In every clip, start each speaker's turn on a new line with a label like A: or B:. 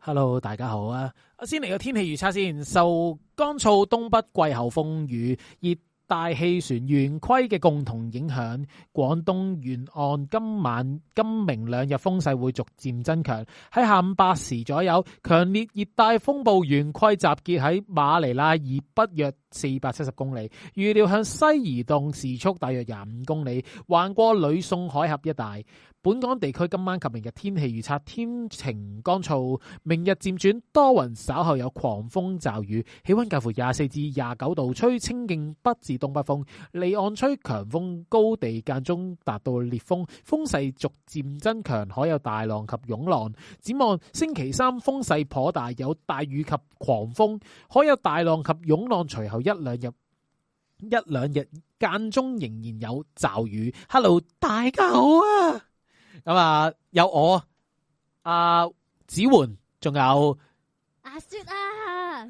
A: Hello，大家好啊！先嚟個天氣預測先，受乾燥東北季候風雨熱，大氣旋圓規嘅共同影響，廣東沿岸今晚、今明兩日風勢會逐漸增強。喺下午八時左右，強烈熱帶風暴圓規集結喺馬尼拉以北約四百七十公里，預料向西移動，時速大約廿五公里，橫過呂宋海峽一帶。本港地區今晚及明日天氣預測：天晴乾燥，明日漸轉多雲，稍後有狂風驟雨。氣溫介乎廿四至廿九度，吹清勁北至東北風。離岸吹強風，高地間中達到烈風，風勢逐漸增強，可有大浪及湧浪。展望星期三風勢頗大，有大雨及狂風，可有大浪及湧浪。隨後一兩日一兩日間中仍然有驟雨。Hello，大家好啊！咁啊，有我，阿子媛，仲有
B: 阿雪啊，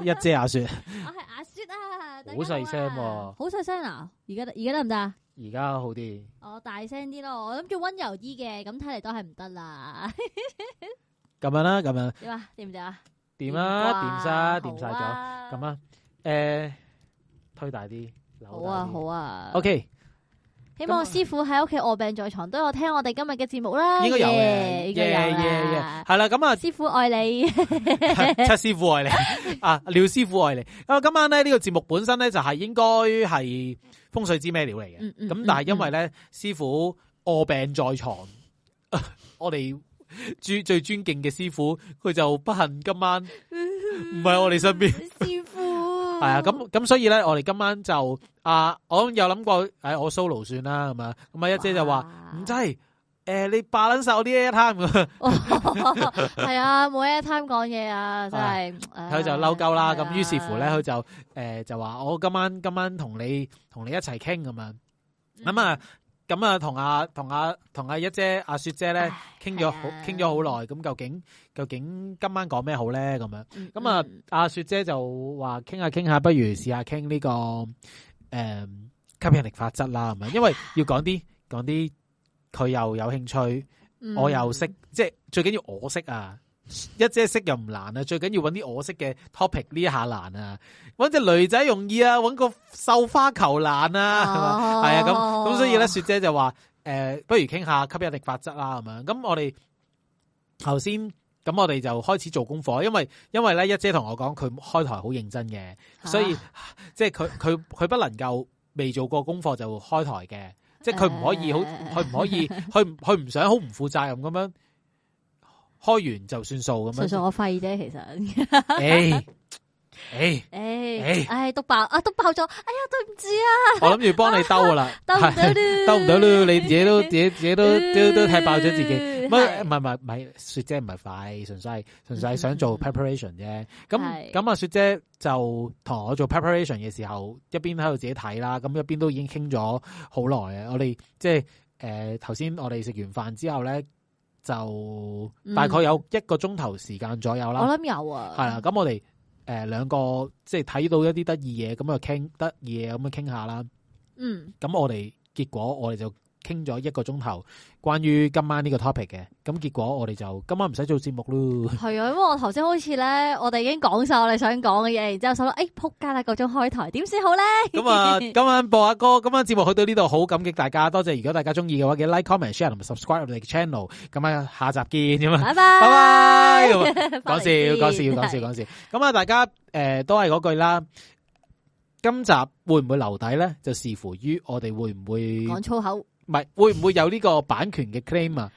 B: 一姐阿雪，我係阿雪啊，
A: 好細聲，好
B: 細聲啊！而家而家得唔得啊？
A: 而家好啲，
B: 我大聲啲咯，我諗住溫柔啲嘅，咁睇嚟都係唔得啦。
A: 咁樣啦，咁樣點啊？掂唔掂啊？掂啊？掂晒？掂晒咗？咁啊？誒，推大啲，扭，好啊，好啊，OK。
B: 希望我師傅喺屋企臥病在床都有聽我哋今日嘅節目啦，應該有，嘅 Yeah,，該有、yeah, yeah , yeah.，
A: 係啦。咁啊，師
B: 傅愛你， 七
A: 師傅愛你， 啊廖師傅愛你。啊，今晚咧，呢個節目本身咧就係應該係風水之咩料嚟嘅，咁、嗯嗯、但係因為咧師傅臥病在床，嗯、我哋 最尊敬嘅師傅，佢就不幸今晚唔喺我哋身邊。嗯師傅係啊，咁咁、哎、所以咧，我哋今晚就啊，我有諗過誒、哎，我 solo 算啦，咁啊，咁啊，一姐就話唔真制，誒哇、呃，你霸捻晒我啲 air time，
B: 係、 哦、啊，冇 air time 講嘢啊，真係，佢、呃、就嬲
A: 夠啦，咁於是乎咧，佢就誒就話我今晚今晚同你同你一齊傾咁樣，咁、嗯、啊。嗯咁啊，同阿同阿同阿一姐阿、啊、雪姐咧傾咗好傾咗好耐，咁唉究竟究竟今晚講咩好咧？咁樣、嗯，咁啊阿、嗯啊、雪姐就話傾下傾下，不如試下傾呢個誒、嗯、吸引力法則啦，係咪？因為要講啲講啲，佢又有興趣，我又識，嗯、即係最緊要我識啊！一姐識又唔難啊，最緊要搵啲我識嘅 topic 呢下難啊，搵隻女仔容易啊，搵個繡花球難啊，係嘛？係啊，咁咁，啊、所以咧雪姐就話誒、呃，不如傾下吸引力法則啦係嘛。咁我哋頭先咁，我哋就開始做功課，因為因為咧一姐同我講佢開台好認真嘅，所以、啊、即係佢佢佢不能夠未做過功課就開台嘅，即係佢唔可以好，佢唔可以，佢佢唔想好唔負責任咁樣。開完就算數咁樣，純粹我
B: 廢啫，其實。哎
A: 哎哎
B: 哎，督爆啊，督爆咗！哎呀，對唔住啊！我
A: 諗住幫你兜噶啦，兜唔到，兜唔到，你自己都自己自己都自己都、呃、都睇爆咗自己。唔係唔係唔係，雪姐唔係廢，純粹純粹想做 preparation 啫。咁咁啊，雪姐就同我做 preparation 嘅時候，一邊喺度自己睇啦。咁一邊都已經傾咗好耐啊！我哋即係誒，頭先我哋食完飯之後咧。就大概有一個鐘頭時間左右啦，嗯、我諗
B: 有啊，係啦，
A: 咁我哋誒兩個即係睇到一啲得意嘢，咁啊傾得意嘢，咁樣傾下啦，嗯，咁我哋結果我哋就。傾咗一個鐘頭，關於今晚呢個 topic 嘅，咁結果我哋就今晚唔使做節目咯。係啊，
B: 因為我頭先好似咧，我哋已經講晒我哋想講嘅嘢，然之後想，誒，仆街啦，各種開台，點先好咧？咁啊，
A: 今晚播下歌，今晚節目去到呢度，好感激大家，多謝。如果大家中意嘅話，記得 like comment share 同埋 subscribe 我哋嘅 channel。咁啊，下集見，咁啊，拜拜拜拜，講笑講笑講笑講笑。咁啊，大家誒，都係嗰句啦。今集會唔會留底咧？就視乎於我哋會唔會講粗口。唔係會唔會有呢個版權嘅 claim 啊？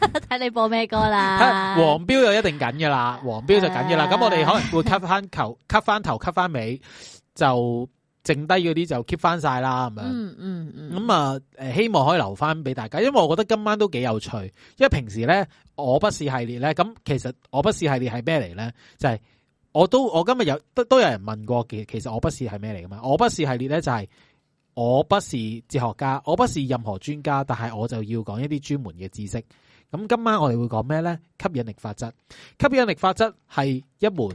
B: 誒，睇你播咩歌啦。 黃
A: 標又一定緊嘅啦，黃標就緊嘅啦。咁、uh、我哋可能會 cut 翻球 cut 翻頭，cut 翻 尾，就剩低嗰啲就 keep 翻晒啦。咁樣、嗯，嗯嗯嗯。咁、嗯、啊，誒，希望可以留翻俾大家，因為我覺得今晚都幾有趣。因為平時咧，我不是系列咧，咁其實我不是系列係咩嚟咧？就係、是、我都我今日有都都有人問過，嘅，其實我不是係咩嚟噶嘛？我不是系列咧就係、是。我不是哲學家，我不是任何專家，但係我就要講一啲專門嘅知識。咁今晚我哋會講咩呢？吸引力法則，吸引力法則係一門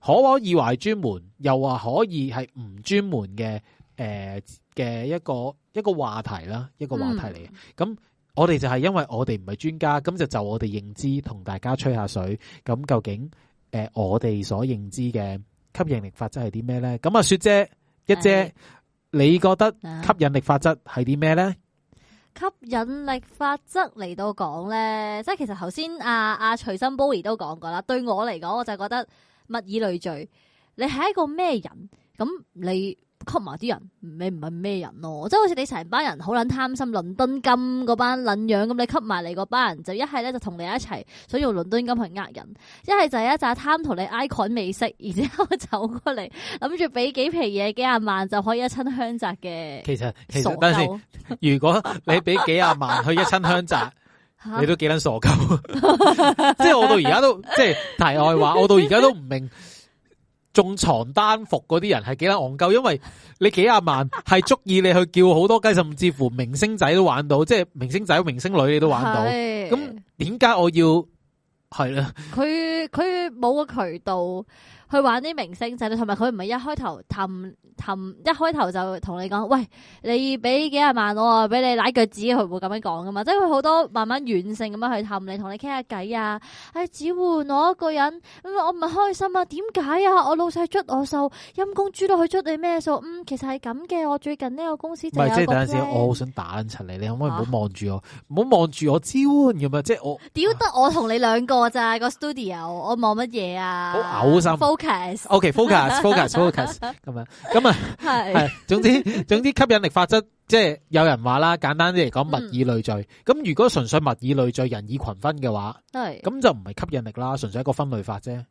A: 可以話係專門，又話可以係唔專門嘅誒嘅一個一個話題啦，一個話題嚟嘅。咁、嗯、我哋就係因為我哋唔係專家，咁就就我哋認知同大家吹下水。咁究竟誒、呃、我哋所認知嘅吸引力法則係啲咩呢？咁啊，雪姐一姐。哎你覺得吸引力法則係啲咩咧？
B: 吸引力法則嚟到講咧，即係其實頭先阿阿徐新波兒都講過啦。對我嚟講，我就覺得物以類聚，你係一個咩人，咁你。吸埋啲人，人，人，人，你唔係咩人咯？即係好似你成班人好捻貪心，倫敦金嗰班捻樣咁，你吸埋你嗰班人，就一係咧就同你一齊，所以用倫敦金去呃人；一係就一扎貪同你 icon 未識，然之後走過嚟，諗住俾幾皮嘢幾廿萬就可以一親香澤嘅。其
A: 實，其實等等 如果你俾幾廿萬去一親香澤， 你都幾捻傻鳩。
B: 即係我到而家都即係
A: 題外話，我到而家都唔明。中床單服嗰啲人係幾多戇鳩，因為你幾廿萬係足以你去叫好多雞， 甚至乎明星仔都玩到，即係明星仔、明星女你都玩到。咁點解我要係啦。
B: 佢佢冇個渠道。去玩啲明星仔同埋佢唔係一開頭氹氹，一開頭就同你講，喂，你俾幾廿萬我啊，俾你拉腳趾，佢會咁樣講噶嘛？即係佢好多慢慢軟性咁樣去氹你，同你傾下偈啊！哎，支援我一個人，我唔係開心啊，點解啊？我老細出我數，陰公豬到佢出你咩數？嗯，其實係咁嘅，我最近呢個公司就有一唔係，即係等陣先，我好
A: 想打親你，你可唔可以唔好望住我，唔好望住我支援咁啊？即係我，
B: 屌得我同你兩個咋個 studio？我望乜嘢啊？好嘔心。ok，focus，focus，focus，
A: 咁啊，咁啊，
B: 係係， 是
A: 總之 總之吸引力法則，即係有人話啦，簡單啲嚟講，物以類聚，咁、嗯、如果純粹物以類聚，人以群分嘅話，係，咁就唔係吸引力啦，純粹一個分類法啫。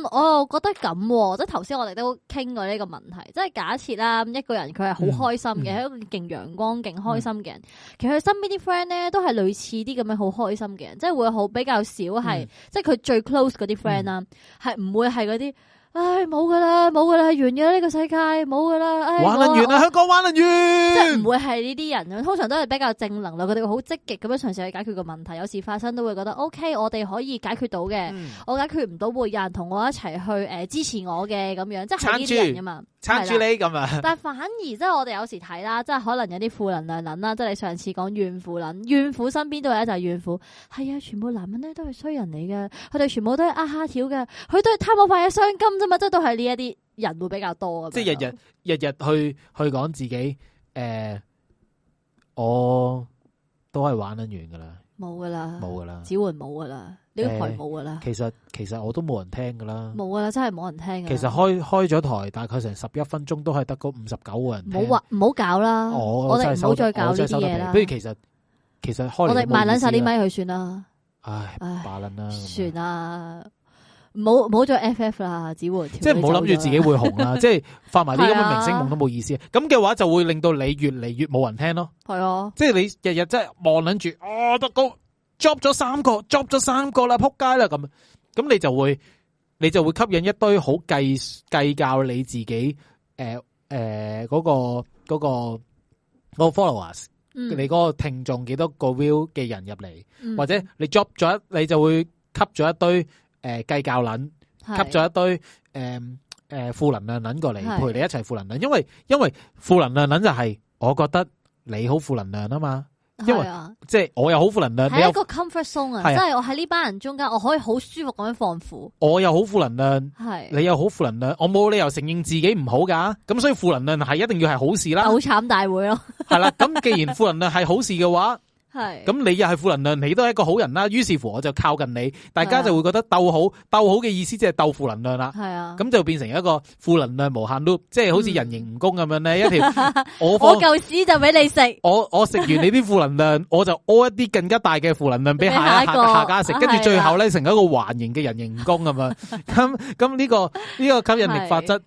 B: 嗯、我又覺得咁，即係頭先我哋都傾過呢個問題，即係假設啦，一個人佢係好開心嘅，係一個勁陽光、勁開心嘅人，嗯、其實佢身邊啲 friend 咧都係類似啲咁樣好開心嘅人，即係會好比較少係，嗯、即係佢最 close 嗰啲 friend 啦，係唔會係嗰啲。唉，冇噶啦，冇噶啦，完咗啦呢個世界，冇噶啦。唉，玩完啊，我香港玩完，即係唔會係呢啲人，通常都係比較正能量，佢哋會好積極咁樣嘗試去解決個問題。有事發生都會覺得 O、OK, K，我哋可以解決到嘅。嗯、我解決唔到會有人同我一齊去誒支持我嘅咁樣，即係呢啲人噶嘛，撐住，撐住你咁啊。的這樣 但係反而即係 我哋有時睇啦，即係可能有啲負能量諗啦，即係你上次講怨婦諗，怨婦身邊都有一大怨婦，係、哎、啊，全部男人咧都係衰人嚟嘅，佢哋全部都係啊，蝦條嘅，佢都係貪慕快意、傷金。真啊，即係都係呢一啲人會比較多啊！即係日
A: 日日日去去講自己誒、呃，我都係玩得完噶啦，
B: 冇噶啦，冇噶啦，只換冇噶啦，
A: 呢個台冇噶啦。其實其實我都冇人聽噶啦，
B: 冇噶啦，真係冇人聽噶啦。其實
A: 開開咗台大概成十一分鐘，都係得嗰五十九個人。唔好話
B: 唔好搞啦，我哋唔好再搞呢啲嘢啦。不如
A: 其實其實開了我哋賣撚晒啲咪去算啦。唉唉，賣啦唉，了
B: 算啦。冇冇咗 FF 啦，只會即係冇諗住自己會紅啦，即
A: 係發埋啲咁嘅明星夢都冇意思。咁嘅話就會令到你越嚟越冇人聽咯。
B: 係啊，
A: 即係你日日即係望諗住啊，得高 drop 咗三個 drop 咗三個啦撲街啦咁，咁你就會你就會吸引一堆好計計較你自己誒誒嗰個嗰個嗰個 followers，你嗰個聽眾幾多個 view 嘅人入嚟，或者你 drop 咗你就會吸咗一堆。誒，計、呃、較撚，吸咗一堆誒誒負能量撚過嚟，陪你一齊負能量。因為因為負能量撚就係，我覺得你好負能量啊嘛。係啊，即係我又好負能量。係、啊、一個
B: comfort zone 有啊，即係我喺呢班人中間，我可以好舒服咁樣放負。
A: 我又好負能量，係、啊、你又好負能量，我冇理由承認自己唔好噶。咁所以負能量係一定要係好事啦。好
B: 慘大會咯、啊。
A: 係啦，咁既然負能量係好事嘅話。 係，咁是你又係負能量，你都係一個好人啦。於是乎，我就靠近你，大家就會覺得鬥好，鬥好嘅意思即係鬥負能量啦。係啊，咁就變成一個負能量無限 loop，、嗯、即係好似人形蜈蚣咁樣咧，一條我 我舊
B: 屎就俾你食，我我食完你啲
A: 負能量， 我就屙一啲更加大嘅負能量俾下,下一下下家食，跟住最後咧成一個環形嘅人形蜈蚣咁樣。咁咁呢個呢、這個吸引力法則。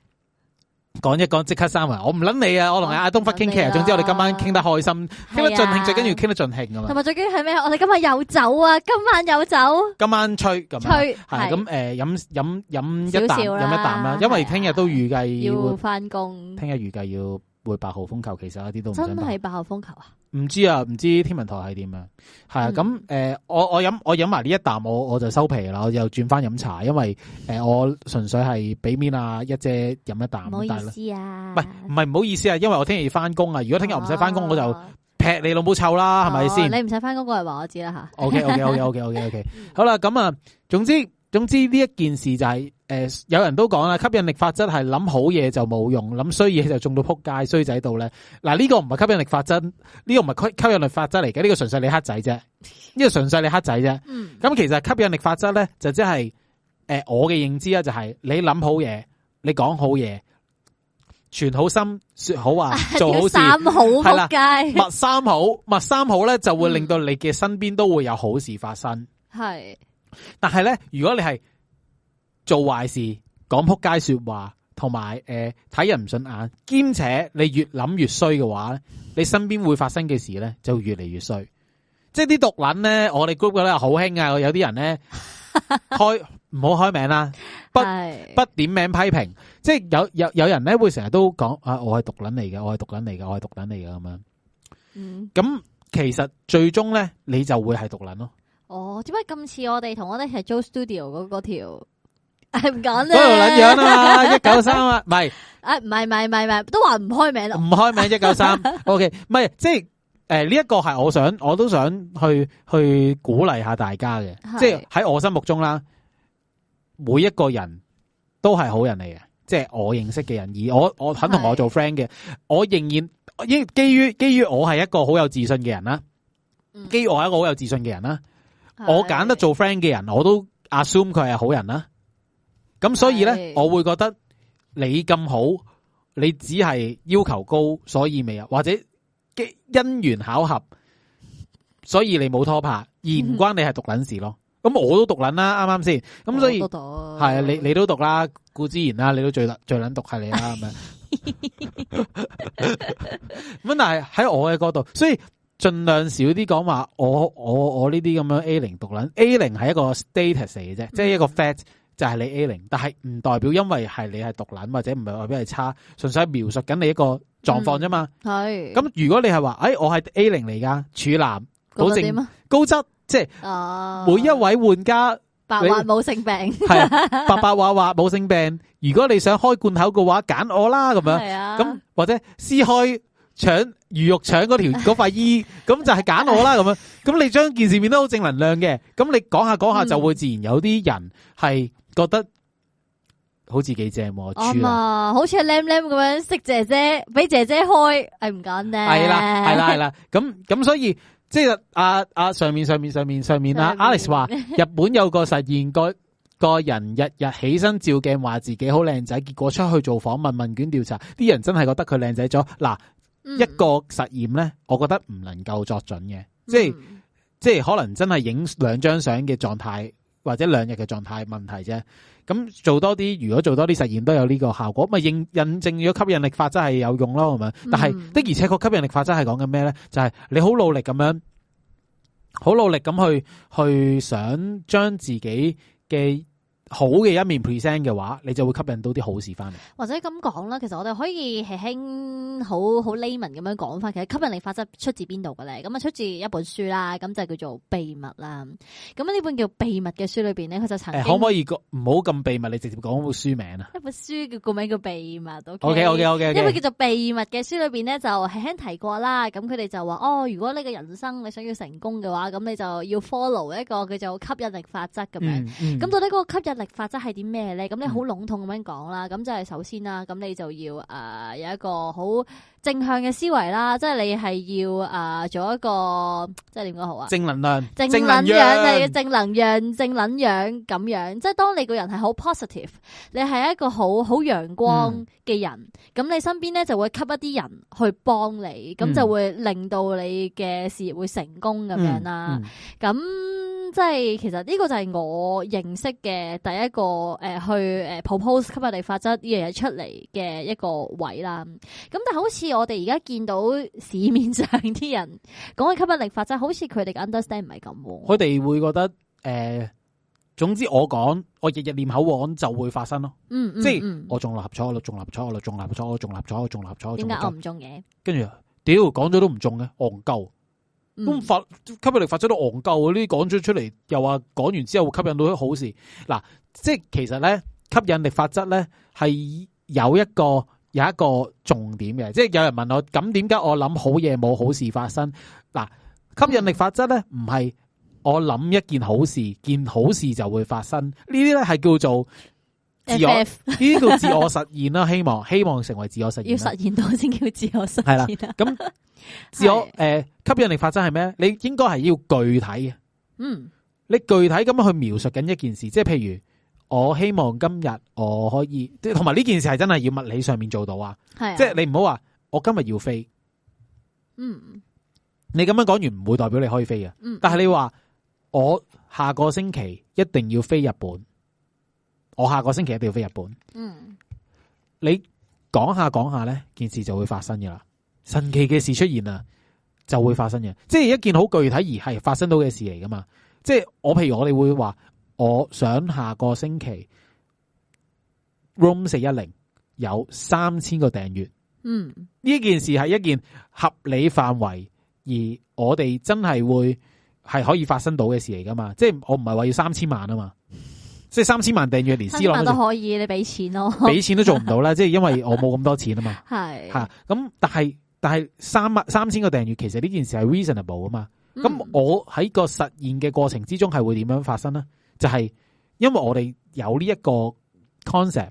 A: 講一講即刻閂啊！我唔諗你啊！我同阿阿東忽傾偈啊！Care, 總之我哋今晚傾得開心，傾是、啊、得盡興，最緊要傾得盡興咁嘛，同埋
B: 最緊要係咩？我哋今晚有酒啊！今晚有酒，
A: 今晚吹咁，係咁誒，飲飲飲一啖，飲少一啖啦！因為聽日都預計要
B: 翻工、啊，聽
A: 日預計要。會八號風球，其實一啲都唔真係
B: 八號風球啊！
A: 唔知啊，唔知天文台係點啊？係啊、嗯，咁誒、呃，我我飲我飲埋呢一啖，我我，我，我就收皮啦，我又轉翻飲茶，因為誒、呃，我純粹係俾面啊，一姐飲一啖，唔好意思啊，唔係唔係唔好意思啊，因為我聽日要翻工啊，如果聽日唔使翻工，哦、我就劈你老母臭啦，係咪先？是，是你唔
B: 使翻工過嚟話我知啦吓。OK OK OK OK
A: OK OK 好啦，咁啊，總之總之呢一件事就係、是。誒，有人都講啦，吸引力法則係諗好嘢就冇用，諗衰嘢就中到撲街衰仔度咧。嗱、呢、這個唔係吸引力法則，呢、這個唔係吸吸引力法則嚟嘅，呢、這個純粹你黑仔啫，呢、這個純粹你黑仔啫。咁、嗯、其實吸引力法則咧、就是，就即係誒，我嘅認知啊，就係你諗好嘢，你講好嘢，存好，好心，說好話，做好事，係啦，默三好，默三好咧，好就會令到你嘅身邊都會有好事發生。
B: 係、
A: 嗯，但係咧，如果你係。做壞事、講仆街說話，同埋誒睇人唔順眼，兼且你越諗越衰嘅話咧，你身邊會發生嘅事咧就會越嚟越衰。即係啲毒撚咧，我哋 group 咧好興啊。有啲人咧 開唔好開名啦，不是不點名批評。即係有有有人咧會成日都講啊，我係毒撚嚟嘅，我係毒撚嚟嘅，我係毒撚嚟嘅咁樣。咁、嗯、其實最終咧，你就會係毒撚咯。
B: 哦，點解咁似我哋同我哋係租 studio 嗰條？唔講 了啦，嗰度卵樣啊嘛！
A: 一九三啊，唔係，
B: 誒唔係唔係唔係，都話唔開名啦，唔
A: 開名一九三，OK，唔係即係誒呢一個係我想，我都想去去鼓勵下大家嘅，是即係喺我心目中啦，每一個人都係好人嚟嘅，即係我認識嘅人，而我我肯同我做 friend 嘅，是我仍然基於基於我係一個好有自信嘅人啦，嗯、基於我係一個好有自信嘅人啦，是我揀得做 friend 嘅人，我都 assume 佢係好人啦。咁所以咧，對我會覺得你咁好，你只係要求高，所以未有，或者因緣巧合，所以你冇拖拍，而唔關你係獨撚事咯。咁、嗯、我都獨撚啦，啱啱先，咁所以係啊你你都讀啦，固之然啦，你都最最撚獨係你啦，係咪？咁但係喺我嘅角度，所以盡量少啲講話，我我我呢啲咁樣 A 零獨撚 A 零係一個 status 嚟嘅啫，即係一個 fact、嗯。就係你 A 零，但係唔代表因為係你係毒撚或者唔係外表係差，純粹描述緊你一個狀況啫嘛。係、嗯。咁如果你係話，誒、哎，我係 A 零嚟噶，處男，冇性高質，即係，每一位玩家、哦、你白話冇
B: 性病，係、啊、白白
A: 話話冇性病。如果你想開罐口嘅話，揀我啦，咁樣。係啊。咁或者撕開腸魚肉腸嗰條嗰塊衣，咁 就係揀我啦，咁 樣。咁你將件事變得好正能量嘅，咁你講下講下、嗯、就會自然有啲人係。覺得好似幾正，我、嗯、
B: 好似靚靚咁樣識姐姐，俾姐姐開，係唔簡單？係啦，係啦，係啦，
A: 咁咁， 所以即係阿上面上面上面上面啊，Alice 話 日本有個實驗個個人日日起身照鏡話自己好靚仔，結果出去做訪問問卷調查，啲人真係覺得佢靚仔咗。嗱、嗯，一個實驗咧，我覺得唔能夠作準嘅、嗯，即係即係可能真係影兩張相嘅狀態。或者兩日嘅狀態問題啫，咁做多啲，如果做多啲實驗都有呢個效果，咪印印證咗吸引力法則係有用咯，咁樣，但係、嗯、的而且確吸引力法則係講緊咩呢？就係、是、你好努力咁樣，好努力咁去去想將自己嘅好嘅一面 present 嘅話，你就會吸引到啲好事翻嚟。
B: 或者咁講啦，其實我哋可以輕輕好好 lemon 咁樣講翻，其實吸引力法則出自邊度嘅咧？咁啊，出自一本書啦，咁就叫做秘密啦。咁呢本叫秘密嘅書裏邊呢，佢就曾經可唔、哎、可以
A: 唔好咁秘密？你直接講本書名啊？一
B: 本書叫個名叫秘密。O K O K 因為叫做秘密嘅書裏邊呢，就輕輕提過啦。咁佢哋就話哦，如果你嘅人生你想要成功嘅話，咁你就要 follow 一個叫做吸引力法則咁樣。咁、嗯嗯、到底嗰個吸引力？法則係點咩咧？咁你好籠統咁樣講啦，咁即係首先啦，咁你就要誒、呃、有一個好，正向嘅思維啦，即係你係要啊做一個，即係點講好啊？正
A: 能量，正能量，係嘅正
B: 能量，正能量咁樣。即係當你個人係好 positive，你係一個好好陽光嘅人，咁你身邊咧就會吸一啲人去幫你，咁就會令到你嘅事業會成功咁樣啦。咁即係其實呢個就係我認識嘅第一個誒，去誒 propose 吸引力法則呢樣嘢出嚟嘅一個位啦。咁但係好似。我哋而家見到市面上啲人講吸引力法則，好似佢哋嘅 understand 唔係咁。
A: 佢哋會覺得誒、呃，總之我講，我日日念口簧就會發生咯、嗯。嗯，
B: 即係、嗯、我
A: 中六合彩，我中六合彩，我中六合彩，我中六合彩，我中六合彩。點解我唔中嘅？跟住屌講咗都唔中嘅，戇鳩。咁吸、嗯、吸引力法則都戇鳩，啲講咗出嚟又話講完之後會吸引到啲好事。嗱，即係其實咧吸引力法則咧係有一個。有一個重點嘅，即係有人問我，咁點解我諗好嘢冇好事發生？嗱，吸引力法則咧，唔係我諗一件好事，件好事就會發生。呢啲咧係叫做
B: 自我，呢啲叫自我實
A: 現啦。希望希望成為自我實現，要實現
B: 到先叫自我實現。啦， 咁
A: 自我誒、呃、吸引力法則係咩？你應該係要具體嘅。
B: 嗯，
A: 你具體咁樣去描述緊一件事，即係譬如。我希望今日我可以，即係同埋呢件事係真係要物理上面做到啊！係，即係你唔好話我今日要飛，嗯，你咁樣講完唔會代表你可以飛啊。但係你話我下個星期一定要飛日本，我下個星期一定要飛日本，嗯。你講下講下咧，件事就會發生㗎啦，神奇嘅事出現啦，就會發生嘅，即係一件好具體而係發生到嘅事嚟噶嘛，即係我譬如我哋會話。我想下個星期 Room 四一零有三千個訂閱，嗯，呢件事係一件合理範圍，而我哋真係會係可以發生到嘅事嚟噶嘛？即係我唔係話要三千萬啊嘛，即係三千萬訂閱連，三千都可
B: 以，你俾錢咯，俾
A: 錢都做唔到啦，即係 因為我冇咁多錢啊嘛，係吓是，咁但係但係三萬三千個訂閱，其實呢件事係 reasonable 啊嘛，咁、嗯、我喺個實現嘅過程之中係會點樣發生呢？就係，因為我哋有呢一個 concept，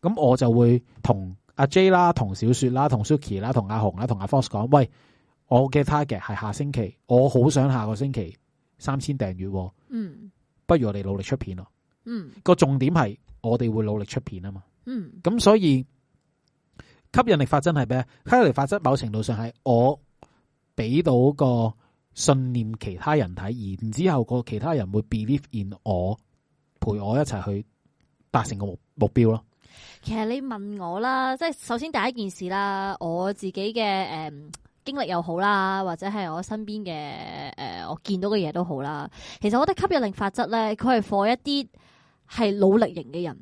A: 咁我就會同阿 J 啦、同小雪啦、同 Suki 啦、同阿雄啦、同阿 Fox 講，喂，我嘅 target 係下星期，我好想下個星期三千訂閱。嗯，不如我哋努力出片咯。嗯，個重點係我哋會努力出片啊嘛。嗯，咁所以吸引力法則係咩？吸引力法則某程度上係我俾到個信念其他人睇，然之後個其他人會 believe in 我，陪我一齊去達成個目目標咯。
B: 其實你問我啦，即係首先第一件事啦，我自己嘅誒、呃、經歷又好啦，或者係我身邊嘅誒、呃、我見到嘅嘢都好啦。其實我覺得吸引力法則咧，佢係 for 一啲係努力型嘅人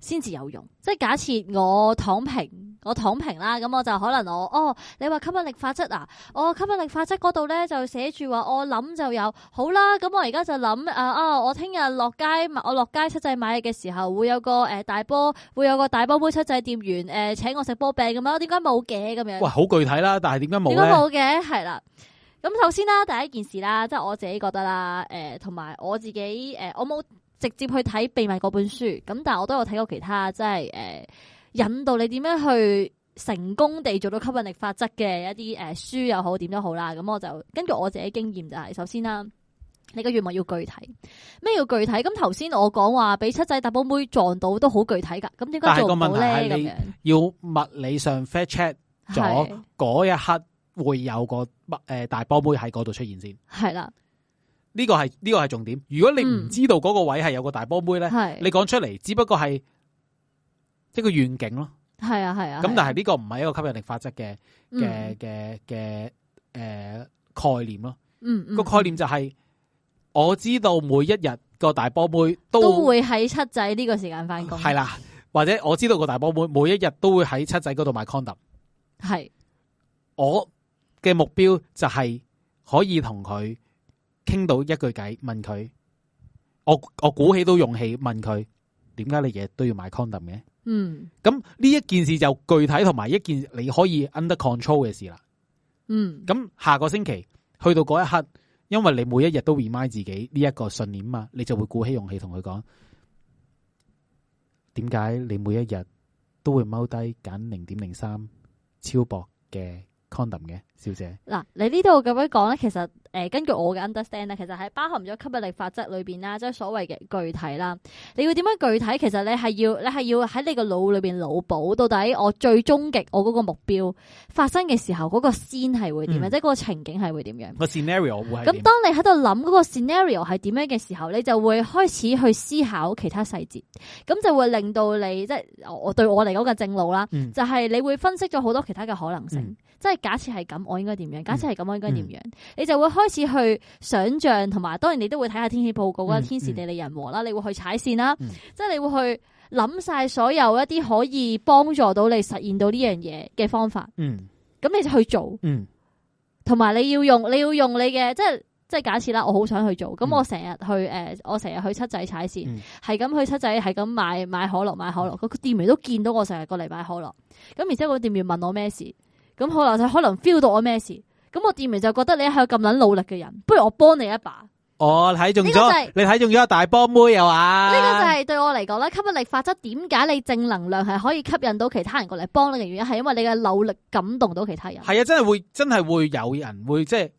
B: 先至有用。即係假設我躺平。我躺平啦，咁我就可能我哦，你話吸引力法則啊，我吸引力法則嗰度咧就寫住話，我諗就有好啦，咁我而家就諗啊，我聽日落街，我落街七仔買嘢嘅時候會有個誒、呃、大波，會有個大波杯七仔店員誒、呃、請我食波餅咁樣，點解冇嘅咁樣？喂，
A: 好具體啦，但係點解冇咧？點解冇
B: 嘅？係啦，咁首先啦，第一件事啦，即係我自己覺得啦，誒、呃，同埋我自己誒、呃，我冇直接去睇秘密嗰本書，咁但係我都有睇過其他，即係誒。呃引導你點樣去成功地做到吸引力法則嘅一啲誒書又好點都好啦，咁我就根據我自己經驗就係，首先啦，你個願望要具體，咩要具體？咁頭先我講話俾七仔大波妹撞到都好具體噶，咁點解做到咧？咁
A: 要物理上 fetch 咗嗰一刻會有個誒大波妹喺嗰度出現先？係啦的，呢個係呢、呢個係重點。如果你唔知道嗰個位係有個大波妹咧，嗯、你講出嚟只不過係。即係個願景咯，
B: 係啊，係啊。咁、啊、但係呢個
A: 唔係一個吸引力法則嘅嘅嘅嘅誒概念咯。嗯，
B: 嗯個概念
A: 就係我知道每一日個大波妹都都會
B: 喺七仔呢個時間翻工，係
A: 啦、啊啊，或者我知道個大波妹每一日都會喺七仔嗰度買 condom。係，我嘅目標就係可以同佢傾到一句偈，問佢我我鼓起到勇氣問佢點解你日都要買 condom 嘅？嗯，咁呢一件事就具體同埋一件你可以 under control 嘅事啦。嗯，咁下個星期去到嗰一刻，因為你每一日都 remind 自己呢一個信念啊嘛，你就會鼓起勇氣同佢講，點解你每一日都會踎低揀零點零三超薄嘅 condom 嘅小姐。
B: 嗱，你呢度咁樣講咧，其實。誒、呃，根據我嘅 understand 咧，其實係包含咗吸引力法則裏邊啦，即係所謂嘅具體啦。你要點樣具體？其實你係要，你係要喺你個腦裏邊腦補到底我最終極我嗰個目標發生嘅時候嗰、嗰個先係會點樣？嗯、即係嗰個情景係會點樣？
A: 嗰個 scenario 會係咁。當
B: 你喺度諗嗰個 scenario 係點樣嘅時候，你就會開始去思考其他細節，咁就會令到你即係我對我嚟講嘅正路啦，嗯、就係你會分析咗好多其他嘅可能性。嗯嗯。即係假設係咁，我應該點樣？假設係咁，我應該點樣？嗯、你就會開始去想象同埋當然你都會睇下天氣報告啦、嗯嗯、天時地利人和啦，你會去踩線啦。嗯、即係你會去諗晒所有一啲可以幫助到你實現到呢樣嘢嘅方法。咁、嗯、你就去做。同埋、嗯、你要用，你要用你嘅，即係即係假設啦。我好想去做，咁、嗯、我成日去誒，我成日去七仔踩線，係咁、嗯、去七仔，係咁買買可樂，買可樂。可樂個店員都見到我成日過嚟買可樂，咁而且個店員問我咩事？咁可能就可能 feel 到我咩事，咁我店員就覺得你係咁捻努力嘅人，不如我幫你一把。
A: 我睇、哦、中咗，你睇中咗一大波妹又話，呢個就係、是、
B: 對我嚟講啦，吸引力法則，點解你正能量係可以吸引到其他人過嚟幫你嘅原因，係因為你嘅努力感動到其他人。
A: 係啊，真係會，真係會有人會即係。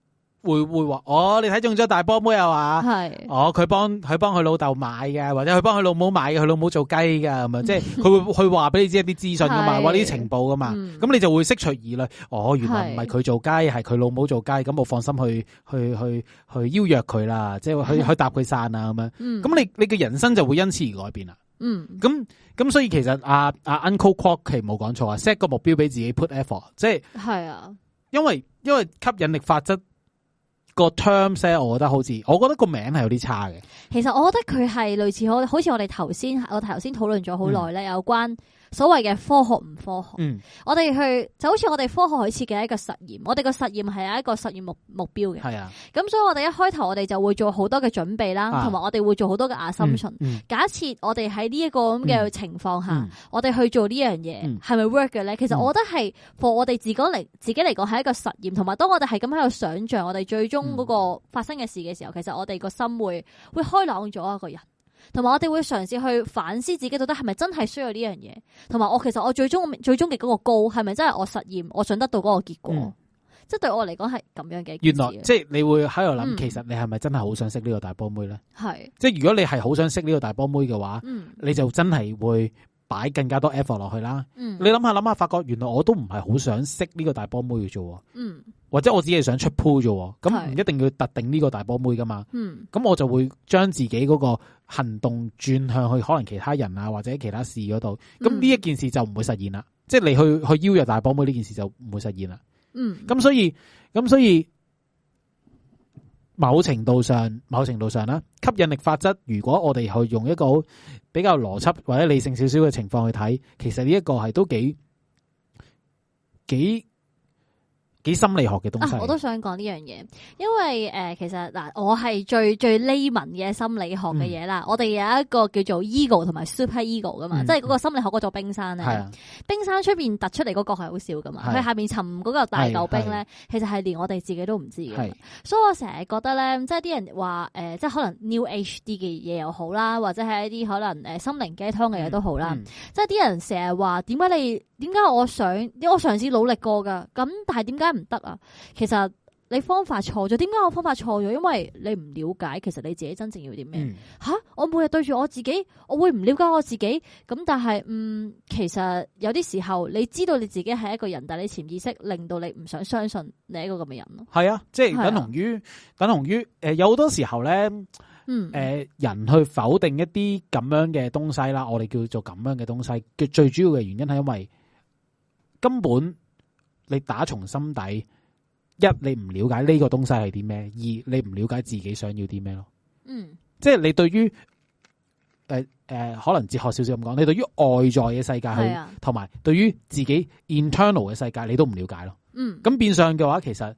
A: 會會話，哦，你睇中咗大波妹啊？話係是，哦，佢幫佢幫佢老豆買嘅，或者佢幫佢老母買嘅，佢老母做雞嘅，咁啊， 即係佢會去話俾你知一啲資訊噶嘛，話啲是情報噶嘛，咁、嗯、你就會釋除疑慮啦。哦，原來唔係佢做雞，係佢老母做雞，咁是我放心去去去去邀約佢啦，即係 去去搭佢散啊咁樣。咁、嗯、你你嘅人生就會因此而改變啦。嗯，咁咁所以其實阿、啊、阿、啊、Uncle Cork 其實冇講錯啊，set 個目標俾自己 put effort，即係係啊，因為因為吸引力法則。個 term 聲，我覺得好似，我覺得個名係有啲差嘅。
B: 其實我覺得佢係類似我，好似我哋頭先，我頭先討論咗好耐咧，嗯、有關。所謂嘅科學唔科學，嗯、我哋去就好似我哋科學去設計一個實驗，我哋個實驗係有一個實驗目目標嘅。係啊、嗯，咁所以我哋一開頭我哋就會做好多嘅準備啦，同埋、啊、我哋會做好多嘅 assumption、嗯嗯、 假設我哋喺呢一個咁嘅情況下，嗯、我哋去做、這個，嗯、是是呢樣嘢係咪 work 嘅咧？其實我覺得係我哋自己嚟，自己嚟講係一個實驗，同埋當我哋係咁喺度想象我哋最終嗰個發生嘅事嘅時候，嗯、其實我哋個心會會開朗咗一個人。同埋我哋會嘗試去反思自己是是，到底係咪真係需要呢樣嘢？同埋我其實我最終最終嘅嗰個高係咪真係我實驗我想得到嗰個結果？嗯、即係對我嚟講係咁樣嘅。原來
A: 即係你會喺度諗，嗯、其實你係咪真係好想識呢個大波妹咧？係是即係如果你係好想識呢個大波妹嘅話，嗯、你就真係會。擺更加多 effort 落去啦，嗯、你諗下諗下發覺，原來我都唔係好想識呢個大波妹嘅啫，嗯、或者我只係想出 pool 啫，咁唔一定要特定呢個大波妹噶嘛，咁、嗯、我就會將自己嗰個行動轉向去可能其他人啊或者其他事嗰度，咁呢一件事就唔會實現啦，即係、嗯、你去去邀約大波妹呢件事就唔會實現啦，咁所以咁所以。某程度上，某程度上啦，吸引力法則，如果我哋去用一個比較邏輯或者理性少少嘅情況去睇，其實呢一個係都幾幾幾心理學嘅東西，啊啊、我都
B: 想講呢樣嘢，因為誒、呃，其實嗱、呃，我係最最 layman 嘅心理學嘅嘢啦。嗯、我哋有一個叫做 ego 同埋 super ego 噶嘛，嗯嗯即係嗰個心理學嗰座冰山咧。係。是啊、冰山面凸出邊突出嚟嗰個係好少噶嘛，佢是、啊、下面沉嗰個大嚿冰咧，是啊是啊其實係連我哋自己都唔知嘅。是啊、所以我成日覺得咧，即係啲人話誒、呃，即係可能 new age 嘅嘢又好啦，或者係一啲可能誒心靈雞湯嘅嘢都好啦。嗯嗯即係啲人成日話，點解你？點解我想？我嘗試努力過噶，咁但係點解唔得啊？其實你方法錯咗，點解我方法錯咗？因為你唔了解，其實你自己真正要點咩？吓、嗯，我每日對住我自己，我會唔了解我自己？咁但係，嗯，其實有啲時候，你知道你自己係一個人，但係你潛意識令到你唔想相信你係一個咁嘅人咯。
A: 係啊，即係等同於，等是、啊、同於誒、呃，有好多時候咧，誒、呃，嗯嗯人去否定一啲咁樣嘅東西啦，我哋叫做咁樣嘅東西嘅最主要嘅原因係因為。根本你打從心底一，你唔了解呢個東西係啲咩；嗯、二，你唔了解自己想要啲咩咯。嗯，即係你對於誒誒，可能哲學少少咁講，你對於外在嘅世界，去同埋對於自己 internal 嘅世界，你都唔了解咯。嗯，咁變相嘅話，其實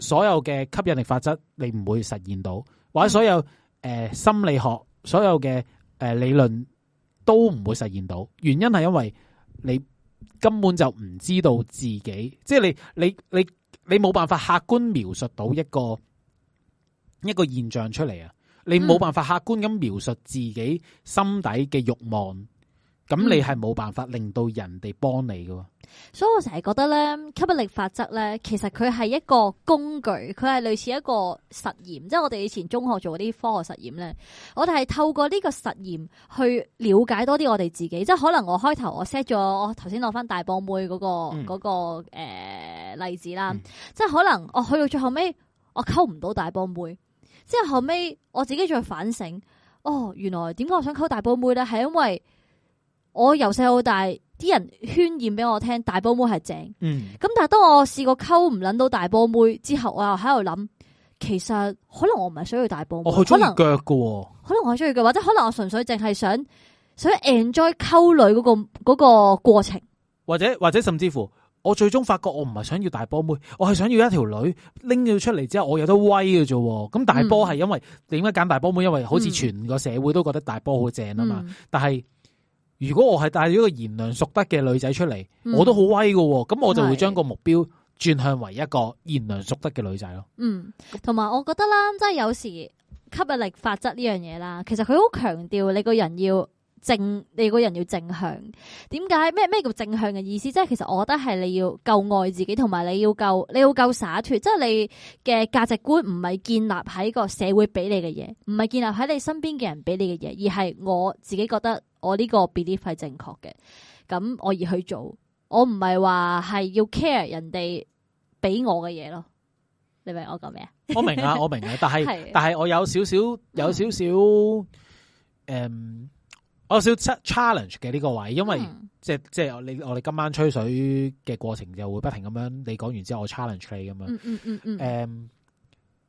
A: 所有嘅吸引力法則，你唔會實現到，或者所有誒、呃、心理學所有嘅誒、呃、理論都唔會實現到。原因係因為你。根本就唔知道自己，即係你你你你冇辦法客觀描述到一個一個現象出嚟啊，你冇辦法客觀咁描述自己心底嘅欲望。咁你係冇辦法令到人哋幫你㗎喎。
B: 所以我成日覺得咧吸引力法則咧，其實佢係一個工具，佢係類似一個實驗，即係我哋以前中學做嗰啲科學實驗咧，我哋係透過呢個實驗去了解多啲我哋自己，即係可能我開頭我 set 咗，我頭先攞翻大波妹嗰、嗰個嗰、嗯嗰個誒、呃、例子啦，嗯、即係可能我去到最後尾我溝唔到大波妹，即係後尾我自己再反省，哦，原來點解我想溝大波妹咧，係因為。我由細到大，啲人渲染俾我聽大波妹係正，咁、嗯、但係當我試過溝唔捻到大波妹之後，我又喺度諗，其實可能我唔係想要大波妹，我鍾意
A: 腳㗎喎，
B: 可能我中意腳，或者可能我純粹淨係想想 enjoy 溝女嗰個嗰個過程，
A: 或者或者甚至乎我最終發覺我唔係想要大波妹，我係想要一條女拎咗出嚟之後我有得威嘅啫，咁大波係因為點解揀大波妹？因為好似全個社會都覺得大波好正啊嘛，嗯、但係。如果我係帶咗個賢良淑德嘅女仔出嚟，嗯、我都好威㗎，咁我就會將個目標轉向為一個賢良淑德嘅女仔咯。
B: 嗯，同埋我覺得啦，即係有時吸引力法則呢樣嘢啦，其實佢好強調你個人要正，你個人要正向。點解？咩咩叫正向嘅意思？即係其實我覺得係你要夠愛自己，同埋你要夠你要夠灑脱，即係你嘅價值觀唔係建立喺個社會俾你嘅嘢，唔係建立喺你身邊嘅人俾你嘅嘢，而係我自己覺得。我呢個 belief 係正確嘅，咁我而去做，我唔係話係要 care 人哋俾我嘅嘢咯。你明我講咩啊？我明啊，我明
A: 啊，但係但係我有少少有少少誒，我少 challenge 嘅呢個位，因為、嗯、即係即係你我哋今晚吹水嘅過程就會不停咁樣，你講完之後我 challenge 你咁樣，嗯，嗯嗯嗯，誒、嗯，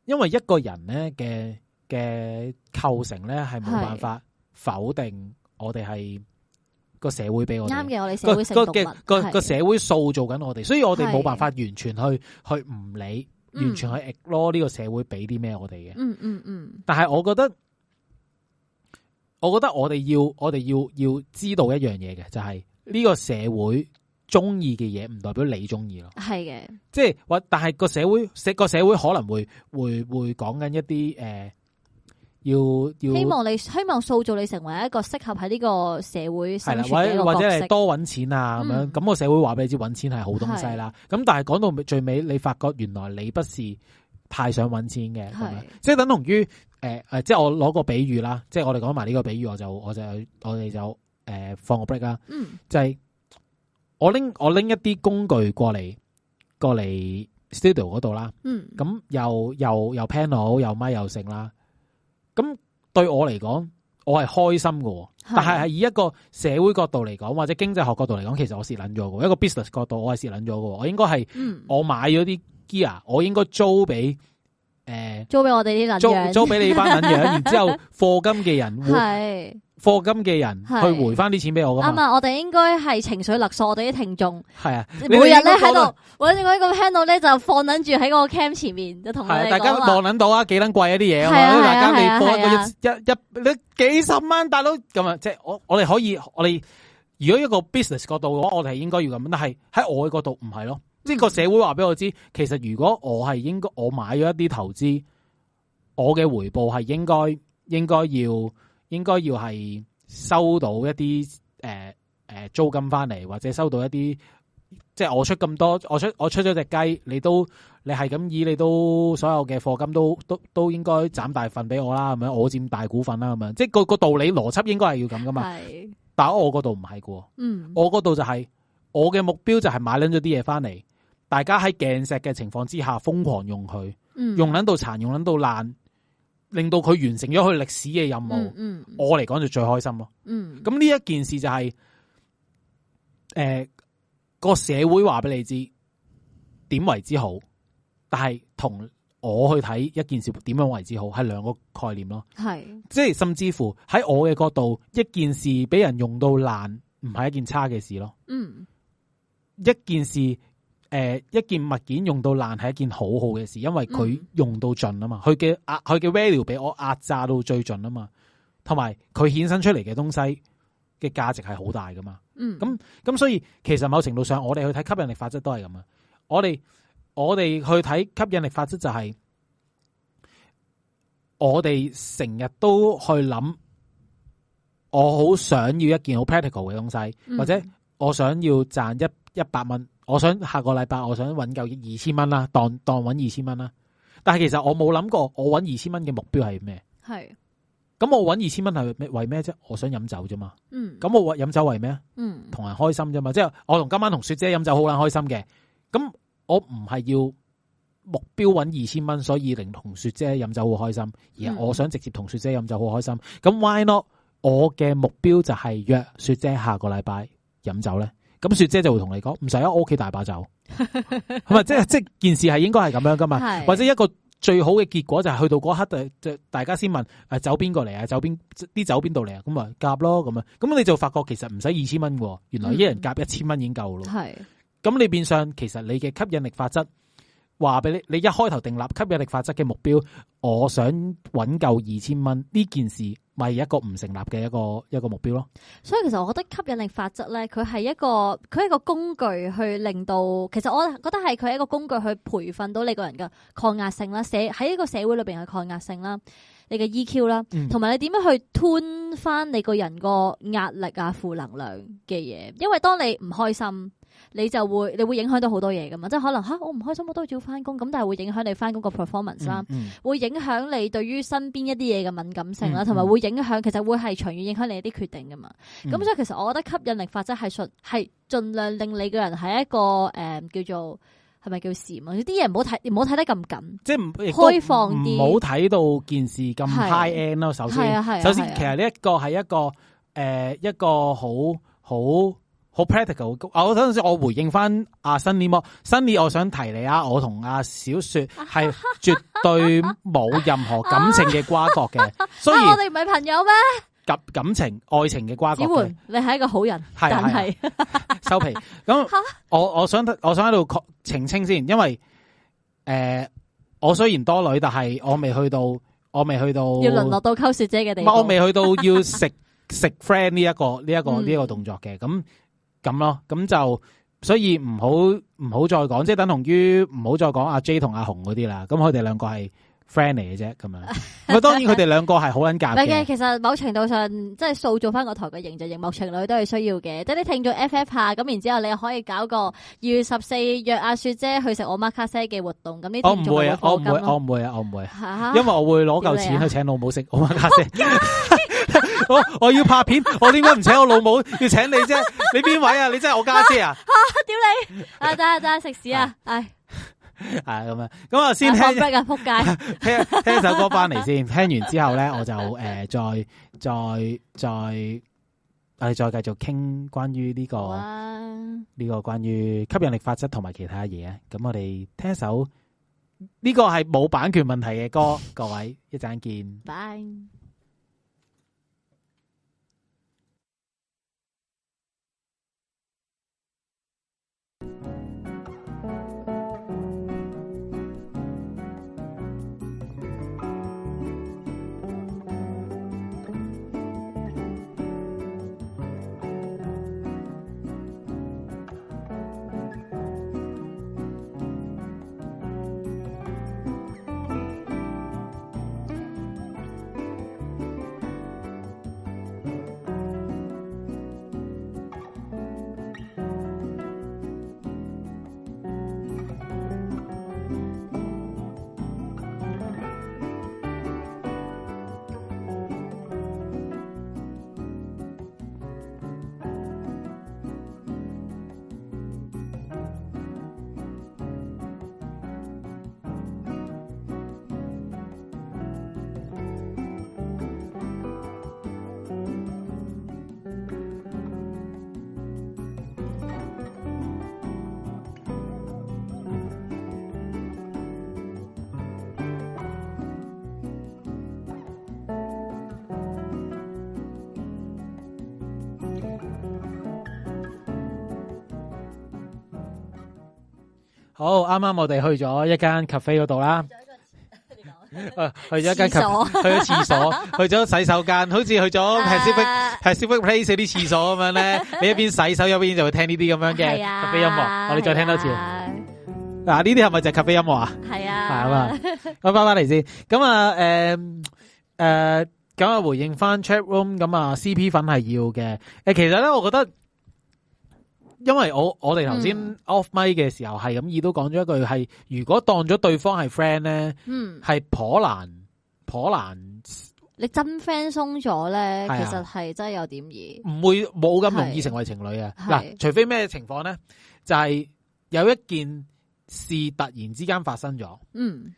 A: 因為一個人咧嘅嘅構成咧係冇辦法否定。我哋係個社會俾我哋啱嘅，我哋社會個個，個，個社會塑造緊我哋，的所以我哋冇辦法完全去去唔理，的完全去 ignore 呢個社會俾啲咩我哋嘅。嗯
B: 嗯嗯。是
A: 但係我覺得，我覺得我哋要我哋要要知道一樣嘢嘅，就係、是、呢個社會中意嘅嘢，唔代表你中意咯。
B: 係嘅
A: 的，即係我但係個社會個社，社會可能會會會講緊一啲誒。呃要要希望
B: 你希望塑造你成為一個適合喺呢個社會係啦，或者或者係多
A: 搵錢啊咁、嗯、樣。咁、個社會話俾你知搵錢係好東西啦。咁的但係講到最尾，你發覺原來你不是太想搵錢嘅係咪？即係等同於誒誒，即係我攞個比喻啦，即係我哋講埋呢個比喻，我就我就我哋就誒、呃、放個 break 啦。嗯，就係我拎我拎一啲工具過嚟過嚟 studio 嗰度啦。嗯，咁又又又 panel 又咪又剩啦。咁對我嚟講，我係開心喎。但係以一個社會角度嚟講，或者經濟學角度嚟講，其實我蝕捻咗嘅。一個 business 角度，我係蝕捻咗嘅。我應該係、嗯、我買咗啲 gear，我應該租俾
B: 誒、呃、租俾我哋啲鈴鐺，租租俾你班鈴鐺，然之後
A: 課金嘅人會係。 課金嘅人去回翻啲錢俾我噶，啱啊嘛，
B: 我哋應該係情緒勒索我哋啲聽眾。
A: 係啊，每日咧喺度，
B: 我哋 handle 咧就放撚住喺嗰 cam 前面同。大家望撚
A: 到啊，幾撚貴一啲嘢，大家係啊，係啊，一一
B: 你幾十
A: 蚊大佬咁啊，即係我我哋可以我哋如果一個 business 角度嘅話，我哋係應該要咁樣，但係喺我嘅角度唔係咯。呢個社會話俾我知，其實如果我係應該我買咗一啲投資，我嘅回報係應該應該要。應該要係收到一啲誒誒租金翻嚟，或者收到一啲即係我出咁多，我出我出咗隻雞，你都你係咁以，你，以你都所有嘅貨金都都都應該斬大份俾我啦，咁樣我佔大股份啦，咁樣即係個個道理邏輯應該係要咁噶嘛？係是，但係我嗰度唔係噶，嗯，我嗰度就係、是、我嘅目標就係買捻咗啲嘢翻嚟，大家喺鏡石嘅情況之下瘋狂用佢、嗯，用捻到殘，用捻到爛。令到佢完成咗佢歷史嘅任務，嗯嗯、我嚟講就最開心咯。咁呢、嗯、一件事就係、是，誒、呃、個社會話俾你知點為之好，但係同我去睇一件事點樣為之好係兩個概念咯。
B: 係是
A: 即係甚至乎喺我嘅角度，一件事俾人用到爛，唔係一件差嘅事咯。
B: 嗯，
A: 一件事。誒、呃，一件物件用到爛係一件好好嘅事，因為佢用到盡啊嘛。佢嘅壓佢嘅 value 俾我壓榨到最盡啊嘛，同埋佢衍生出嚟嘅東西嘅價值係好大噶嘛。嗯，咁咁，所以其實某程度上我哋去睇吸引力法則都係咁啊。我哋我哋去睇吸引力法則就係、是、我哋成日都去諗，我好想要一件好 practical 嘅東西，或者我想要賺一一百蚊。我想下個禮拜，我想搵夠二千蚊啦，當當搵二千蚊啦。但係其實我冇諗過，我搵二千蚊嘅目標係咩？係。咁，我搵二千蚊係為咩啫？我想飲酒啫嘛。嗯。咁我飲酒為咩？嗯。同人開心啫嘛。即係我同今晚同雪姐飲酒好捻開心嘅。咁我唔係要目標搵二千蚊，所以令同雪姐飲酒好開心。而我想直接同雪姐飲酒好開心。咁 why not？我嘅目標就係約雪姐下個禮拜飲酒咧。咁雪姐就會同你講，唔使，喺屋企大把酒。咁啊 即係即件事係應該係咁樣噶嘛，或者一個最好嘅結果就係、是、去到嗰刻就大家先問，誒，走邊個嚟啊，走邊啲走邊度嚟啊。咁啊夾咯，咁啊，咁你就發覺其實唔使二千蚊喎，原來一人夾一千蚊已經夠咯。係、嗯，咁你變相其實你嘅吸引力法則話俾你，你一開頭訂立吸引力法則嘅目標，我想揾夠二千蚊呢件事。咪一個唔成立嘅一個一個目標咯。
B: 所以其實我覺得吸引力法則咧，佢係一個佢係一個工具去令到，其實我覺得係佢係一個工具去培訓到你個人嘅抗壓性啦，社喺呢個社會裏邊嘅抗壓性啦，你嘅 EQ 啦，同埋你點樣去吞翻你個人個壓力啊、負能量嘅嘢。因為當你唔開心。你就會你會影響到好多嘢噶嘛，即係可能吓、啊，我唔開心，我都照翻工，咁但係會影響你翻工個 performance 啦，嗯嗯、會影響你對於身邊一啲嘢嘅敏感性啦，同埋、嗯嗯、會影響其實會係長遠影響你一啲決定噶嘛。咁、嗯、所以其實我覺得吸引力法則係盡係盡量令你個人係一個誒、嗯、叫做係咪叫禪啊？啲嘢唔好睇唔好睇得咁緊，即係是
A: 唔開放啲，唔好睇到件事咁 high end 咯是。End，首先，啊啊、首先、啊啊、其實呢一個係、呃、一個一個好好。好 practical，我等陣先，我回應翻阿 Sunny。Sunny，我想提你啊，我同阿小雪係絕對冇任何感情嘅瓜葛嘅。所以我哋
B: 唔係朋友咩？
A: 感感情、愛情嘅瓜葛的。小、
B: 啊、你係一個好人，但係、啊啊、
A: 收皮。咁我我想我想喺度澄清先，因為誒、呃，我雖然多女，但係我未去到，我未去，去到要淪落
B: 到溝雪姐嘅地。貓、這個，我未去到要
A: 食食 friend 呢一個呢一個呢一個動作嘅咁。咁咯，咁就所以唔好唔好再講，即係等同於唔好再講阿 J 同阿雄嗰啲啦。咁佢哋兩個係 friend 嚟嘅啫，咁樣。佢當然佢哋兩個係好撚夾嘅。
B: 其實某程度上，即係塑造翻個台嘅形象，熒幕情侶都係需要嘅。即係你聽咗 FF 下，咁然之後你可以搞個二月十四約阿雪姐去食我媽卡西嘅活動。咁呢？我唔會啊，我唔會，我
A: 唔會啊，我唔會、啊。啊、因為我會攞夠錢去請老母食我媽卡西。 我我要拍片， 我點解唔請我老母，要請你啫？你邊位啊？你真係我家姐啊？吓、 嗯，
B: 屌、嗯、你！啊、嗯，得啊得啊，食屎啊！
A: 唉、嗯，係咁樣。
B: 咁我先聽，扑街， 聽聽首歌翻嚟
A: 先。聽完之後咧、 呃，我就誒、這個，再再再我哋再繼續傾關於呢個呢個關於吸引力法則同埋其他嘢啊。咁我哋聽一首呢個係冇版權問題嘅歌， 各位一陣見，拜。好，啱啱我哋去咗一間咖啡嗰度啦。誒，去咗一間咖啡，去咗廁所，去咗洗手間，好似去咗係 Pacific 係 Pacific Place 啲廁所咁樣咧。你一邊洗手一邊就會聽呢啲咁樣嘅咖啡音樂。我哋再聽多次。嗱，呢啲係咪就係咖啡音樂啊？係啊，係嘛。咁返返嚟先。咁啊，誒，誒，咁啊，回應翻 chat room。咁啊，CP 粉係要嘅。誒，其實咧，我覺得。因為我我哋頭先 off mic 嘅時候係咁意都講咗一句係如果當咗對方係 friend 咧，嗯，係頗難頗難。頗難
B: 你真 friend 鬆咗咧，啊、其實係真係有點易，
A: 唔會冇咁容易成為情侶是啊。嗱是，除非咩情況咧，就係、是、有一件事突然之間發生咗，嗯，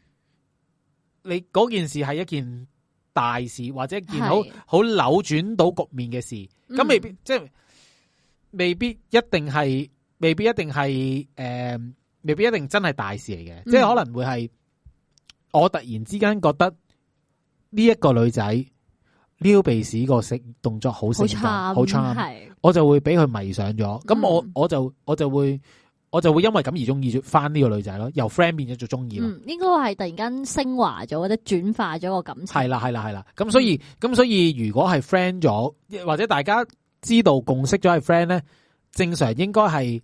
A: 你嗰件事係一件大事或者一件好好是扭轉到局面嘅事，咁、嗯、未必即係。未必一定係，未必一定係，誒、呃，未必一定真係大事嚟嘅，嗯、即係可能會係我突然之間覺得呢一個女仔撩鼻屎個食動作好性感，好差，係我就會俾佢迷上咗，咁、嗯、我我就我就會我就會因為咁而中意翻呢個女仔咯，由 friend 變咗做中意，嗯，
B: 應該係突然間升華咗或者轉化咗個感情，係
A: 啦係啦係啦，咁所以咁、嗯、所，所以如果係 friend 咗或者大家。知道共識咗係 friend 咧，正常應該係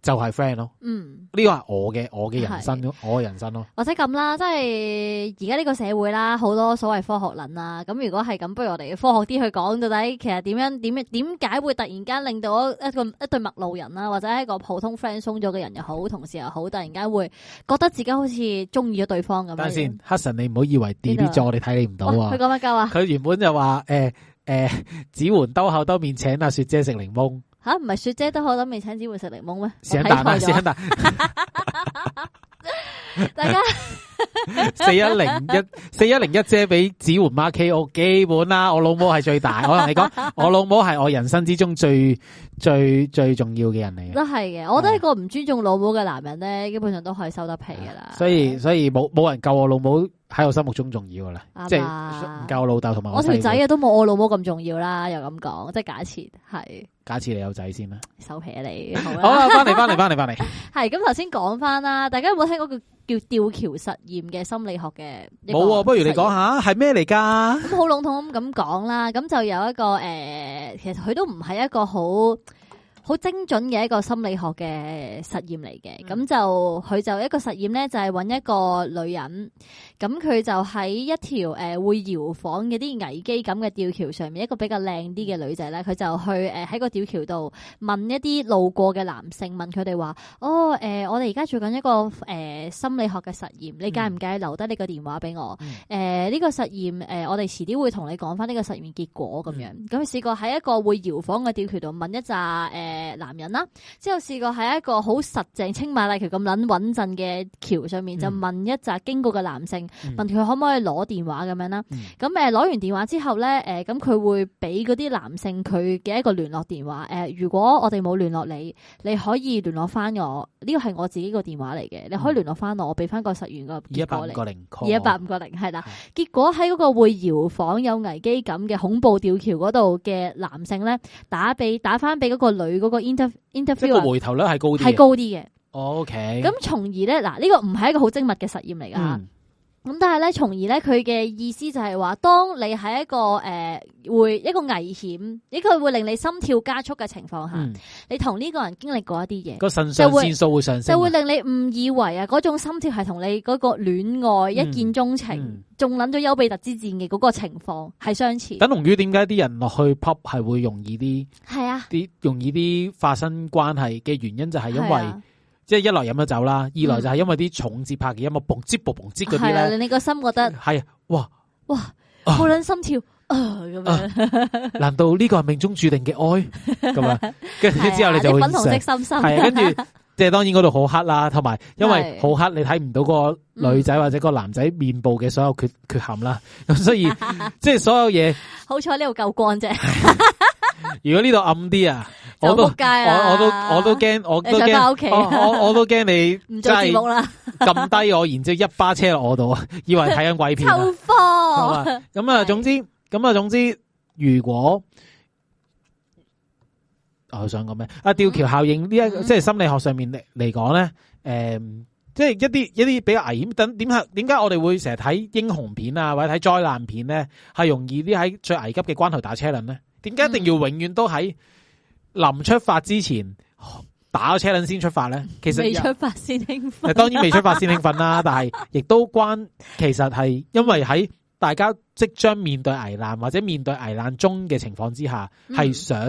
A: 就係 friend 咯。
B: 嗯，
A: 呢個係我嘅我嘅人生，是我嘅人生咯。
B: 或者咁啦，即係而家呢個社會啦，好多所謂科學論啦。咁如果係咁，不如我哋科學啲去講到底，其實點樣點點解會突然間令到一個一對陌路人啦，或者一個普通 friend 鬆咗嘅人又好，同事又好，突然間會覺得自己好似中意咗對方咁。等陣先，
A: 黑神你唔好以為 D B 座，我哋睇你唔到啊！佢講乜鳩啊？佢原本就話誒。 誒、呃，指桓兜口兜面請阿雪姐食檸檬，
B: 吓？唔係雪姐兜口兜面請指桓食檸檬咩？試一啖啦，試一啖！
A: 大家
B: 四一零一
A: 四一零一姐俾指桓媽 K O，基本啦，我老母係最大。我同你講，我老母係我人生之中最 最最重要嘅人嚟。
B: 都係嘅，我覺得一個唔尊重老母嘅男人咧，基本上都可以收得皮噶啦。
A: 所以所以冇冇人救我老母。喺我心目中重要嘅啦，即係唔夠我老豆同埋我條仔嘅
B: 都冇我老母咁重要啦。又咁講，即係假設係。
A: 假設你有仔先啦，
B: 收皮你。好啦，翻嚟翻嚟翻嚟翻嚟。係咁頭先講翻啦，大家有冇聽過嗰個叫吊橋實驗嘅心理學嘅？冇啊，不如你
A: 講下係咩嚟噶？咁
B: 好籠統咁講啦，咁就有一個誒，其實佢都唔係一個好。好精準嘅一個心理學嘅實驗嚟嘅，咁、嗯、就佢就一個實驗咧，就係、是、揾一個女人，咁佢就喺一條誒、呃、會搖晃嘅啲危機感嘅吊橋上面，嗯、一個比較靚啲嘅女仔咧，佢就去誒喺、呃、個吊橋度問一啲路過嘅男性，問佢哋話：哦，誒、呃，我哋而家做緊一個誒、呃、心理學嘅實驗，你介唔介留低你個電話俾我？誒、嗯、呢、呃這個實驗誒、呃，我哋遲啲會同你講翻呢個實驗結果咁樣。咁佢試過喺一個會搖晃嘅吊橋度問一拃誒。呃誒，男人啦，之後試過喺一個好實淨青馬大橋咁穩穩陣嘅橋上面，嗯、就問一扎經過嘅男性，嗯、問佢可唔可以攞電話咁樣啦？咁誒、嗯，攞完電話之後咧，誒、呃，咁佢會俾嗰啲男性佢嘅一個聯絡電話。誒、呃，如果我哋冇聯絡你，你可以聯絡翻我。呢個係我自己個電話嚟嘅，嗯、你可以聯絡翻我，我俾翻個實員個結果嚟。二一八五個零，二一八五個零，係啦。結果喺嗰的個會搖晃有危機感嘅恐怖吊橋嗰度嘅男性咧，打俾打翻俾嗰個女。嗰個 inter interview，即係回頭
A: 率係高啲，係高啲嘅。OK，咁
B: 從而咧，嗱、這、呢個唔係一個好精密嘅實驗嚟噶。咁但係咧，從而咧，佢嘅意思就係話，當你喺一個誒、呃、會一個危險，亦佢會令你心跳加速嘅情況下，嗯、你同呢個人經歷過一啲嘢，個信、嗯、腎上腺素會上升，就會令你誤以為啊，嗰種心跳係同你嗰個戀愛一見鍾情，仲諗咗丘比特之戰嘅嗰個情況係相似。等同
A: 於點解啲人落去 pub 係會容易啲？係啊，啲容易啲發生關係嘅原因就係因為。即係一來飲咗酒啦，二來就係因為啲重節拍嘅音樂，嘣接嘣接嗰啲咧，你個心覺得係哇
B: 哇，好撚心跳咁樣。
A: 難道呢個係命中注定嘅愛咁啊？跟住之後你就會粉紅色心心。係跟住即係當然嗰度好黑啦，同埋因為好黑，你睇唔到個女仔或者個男仔面部嘅所有缺缺陷啦。咁所以即係所有嘢，
B: 好彩呢度夠光啫。
A: 如果呢度暗啲啊？我都我我都我都驚我都驚，我我都驚你唔 做節目啦，撳低我，然之後一巴車落我度啊！以為睇緊鬼片
B: 咁
A: 啊，總之，咁啊的，總之，如果我想講咩啊，吊橋效應呢、這、一、個嗯、即係心理學上面嚟嚟講咧，誒、嗯，即係一啲一啲比較危險，等點解點解我哋會成日睇英雄片啊或者睇災難片咧，係容易啲喺最危急嘅關頭打車輪咧？點解一定要永遠都喺？嗯臨出發之前打車輪先出發咧，其實未出
B: 發先興奮。當然未出發先興
A: 奮啦， 但係亦都關，其實係因為喺大家即將面對危難或者面對危難中嘅情況之下，係、嗯、想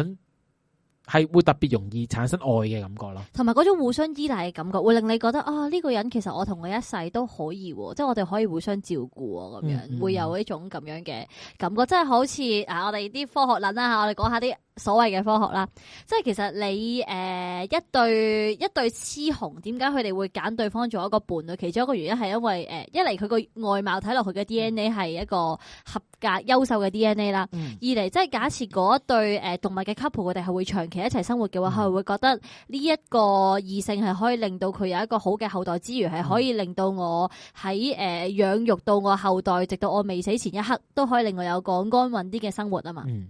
A: 係會特別容易產生愛嘅感覺咯。
B: 同埋嗰種互相依賴嘅感覺，會令你覺得啊呢、哦這個人其實我同佢一世都可以，即係我哋可以互相照顧喎。咁樣，會有一種咁樣嘅感覺，嗯嗯、即係好似啊我哋啲科學論啦，我哋講下啲。所謂嘅科學啦，即係其實你誒、呃、一對一對雌雄，點解佢哋會揀對方做一個伴侶？其中一個原因係因為誒、呃，一嚟佢個外貌睇落去嘅 D N A 係一個合格優秀嘅 D N A 啦；二嚟、嗯、即係假設嗰一對誒、呃、動物嘅 couple，佢哋係會長期一齊生活嘅話，佢、嗯、會覺得呢一個異性係可以令到佢有一個好嘅後代之餘，係、嗯、可以令到我喺誒養育到我後代，直到我未死前一刻，都可以令我有更安穩啲嘅生活啊嘛。嗯。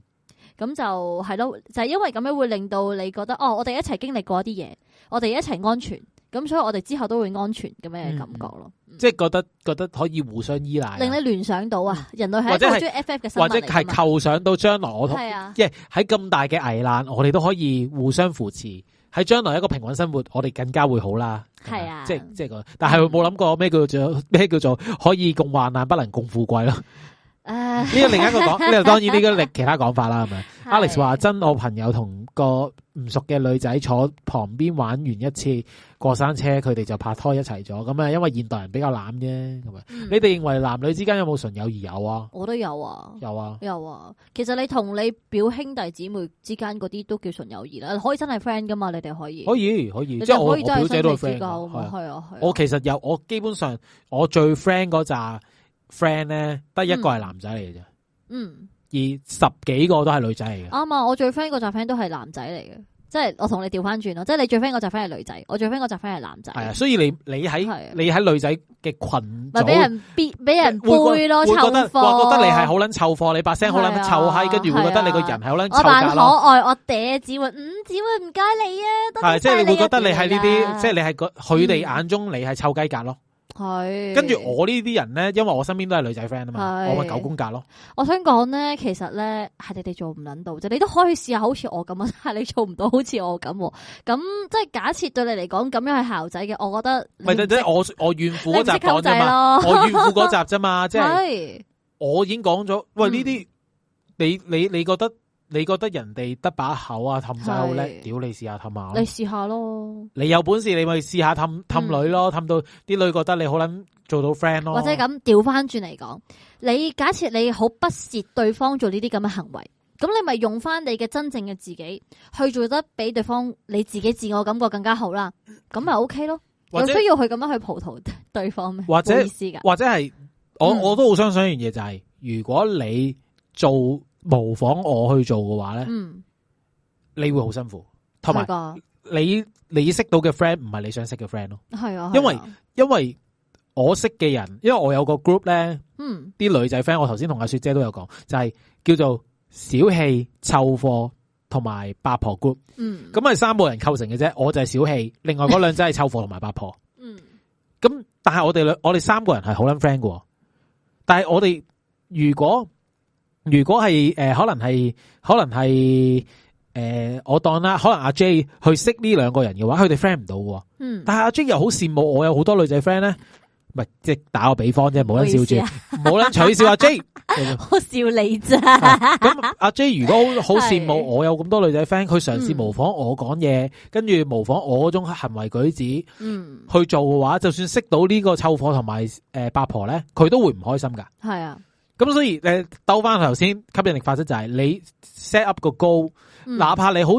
B: 咁就係咯，就係、是、因為咁樣會令到你覺得，哦，我哋一齊經歷過一啲嘢，我哋一齊安全，咁所以我哋之後都會安全咁樣嘅感覺咯。嗯
A: 嗯、即係覺得覺得可以互相依賴，令
B: 你聯想到啊，嗯、人類係一個中意 FF 嘅生活，或者係構
A: 想到將來我同，即係喺咁大嘅危難，我哋都可以互相扶持。喺將來一個平穩生活，我哋更加會好啦。係啊，即係即係但係冇諗過咩叫做咩、嗯、叫做可以共患難，不能共富貴咯。
B: 呢個 另外一個講，呢當然
A: 呢個其他講法啦，係咪 ？Alex 話真我朋友同個唔熟嘅女仔坐旁邊玩完一次過山車，佢哋就拍拖一齊咗。咁啊，因為現代人比較懶啫。咁啊，嗯、你哋認為男女之間有冇純友誼，有啊？
B: 我都有啊，有啊，有啊。其實你同你表兄弟姊妹之間嗰啲都叫純友誼啦，可以真係 friend 㗎嘛？你哋可，可以？
A: 可以可以，即係我表姐都 friend。係啊，啊，啊，啊我其實有，我基本上我最 friend 嗰扎。friend 咧，得一個係男仔嚟嘅啫，嗯，而十幾個都係女仔
B: 嚟嘅。啱啊，我最 friend 個集 friend 都係男仔嚟嘅，即係 我同你調翻轉咯，即係你最 friend 個集 friend 係女仔，我最 friend 個集 friend 係男仔。係啊，
A: 所以你你喺你喺女仔嘅群，咪俾人
B: 貶俾人背咯，我覺得你係
A: 好捻臭貨，你把聲好捻臭嗨，跟住會覺得你個人係好捻臭格咯。我扮可
B: 愛，我嗲只會，唔、嗯、只會唔該你啊？係即係你會覺得你係呢啲，即係、嗯、你
A: 喺佢哋眼中你係臭雞格咯。
B: 係跟住我
A: 呢啲人咧，因為我身邊都係女仔 friend 啊嘛，是我咪九宮格咯。
B: 我想講咧，其實咧係你哋做唔捻到啫，你都可以試下好似我咁啊，但係你做唔到好似我咁。咁即係假設對你嚟講咁樣係姣仔嘅，我覺得
A: 係，即我我怨婦嗰集啫嘛，我怨婦嗰集啫嘛，即係我， 我已經講咗，喂呢啲、嗯、你你你覺得？你覺得人哋得把口啊，氹仔好叻，屌的你試下氹下你
B: 試下咯，嗯，
A: 你有本事你咪試下氹氹女咯，氹到啲女覺得你好捻做到 friend 咯。或者
B: 咁調翻轉嚟講，你假設你好不屑對方做呢啲咁嘅行為，咁你咪用翻你嘅真正嘅自己去做得比對方你自己自我感覺更加好啦，咁咪 OK 咯。有者需要去咁樣去葡萄對方咩或者意思噶？或者係我我都好相
A: 信一樣嘢就係、是，嗯、如果你做。模仿我去做嘅話咧，嗯、你會好辛苦，同埋你的你，你識到嘅 friend 唔係你想識嘅 friend 咯，係啊的，因為的因為我識嘅人，因為我有個 group 咧，嗯，啲女仔 friend，我頭先同阿雪姐都有講，就係、是、叫做小氣、臭貨同埋八婆 group，嗯，咁係三個人構成嘅啫，我就係小氣，另外嗰兩隻係臭貨同埋八婆，嗯，咁但係我哋兩我哋三個人係好捻 friend 喎，但係我哋如果。如果係誒、呃，可能係可能係誒、呃，我當啦，可能阿 J 去識呢兩個人嘅話，佢哋 friend 唔到。嗯，但係阿 J 又好羨慕我有好多女仔 friend 咧，咪，即係打個比方啫，冇人笑住，
B: 冇人、啊、取笑阿
A: J。
B: 好， 笑你咋、嗯？
A: 咁阿 J 如果好羨慕我有咁多女仔 friend，佢嘗試模仿我講嘢，跟住、嗯、模仿我嗰種行為舉止，嗯，去做嘅話，就算識到呢個臭火同埋誒八婆咧，佢都會唔開心噶。係啊。咁所以誒，兜翻頭先吸引力法則就係你 set up 個 goal，嗯、哪怕你好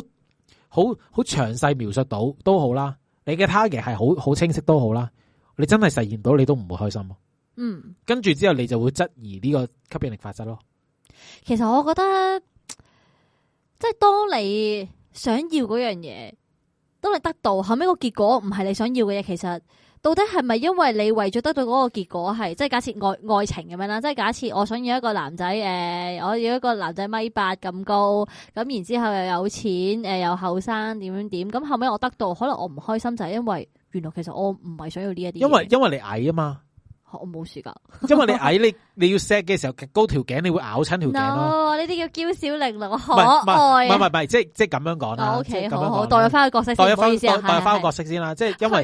A: 好好詳細描述到都好啦，你嘅 target 係好好清晰都好啦，你真係實現到你都唔會開心。嗯，跟住之後你就會質疑呢個吸引力法則咯。
B: 其實我覺得，即係當你想要嗰樣嘢，當你得到後尾個結果唔係你想要嘅嘢，其實。到底係咪因為你為咗得到嗰個結果係，即係假設愛愛情咁樣啦，即係假設我想要一個男仔，誒、呃，我要一個男仔米八咁高，咁然之後又有錢，誒、呃，又怎樣怎樣後生點樣點，咁後尾我得到，可能我唔開心就係因為原來其實我唔係想要呢一啲，因為
A: 因為你矮啊嘛。我冇事噶，因為你矮，你你要 set 嘅時候高條頸，你會咬親條頸
B: 哦。呢啲叫嬌小玲瓏不可愛。唔係唔係唔係，
A: 即係即係咁樣講啦。O Okay , K，好，好，
B: 代入翻個角色。代入翻個角
A: 色先啦，即係因為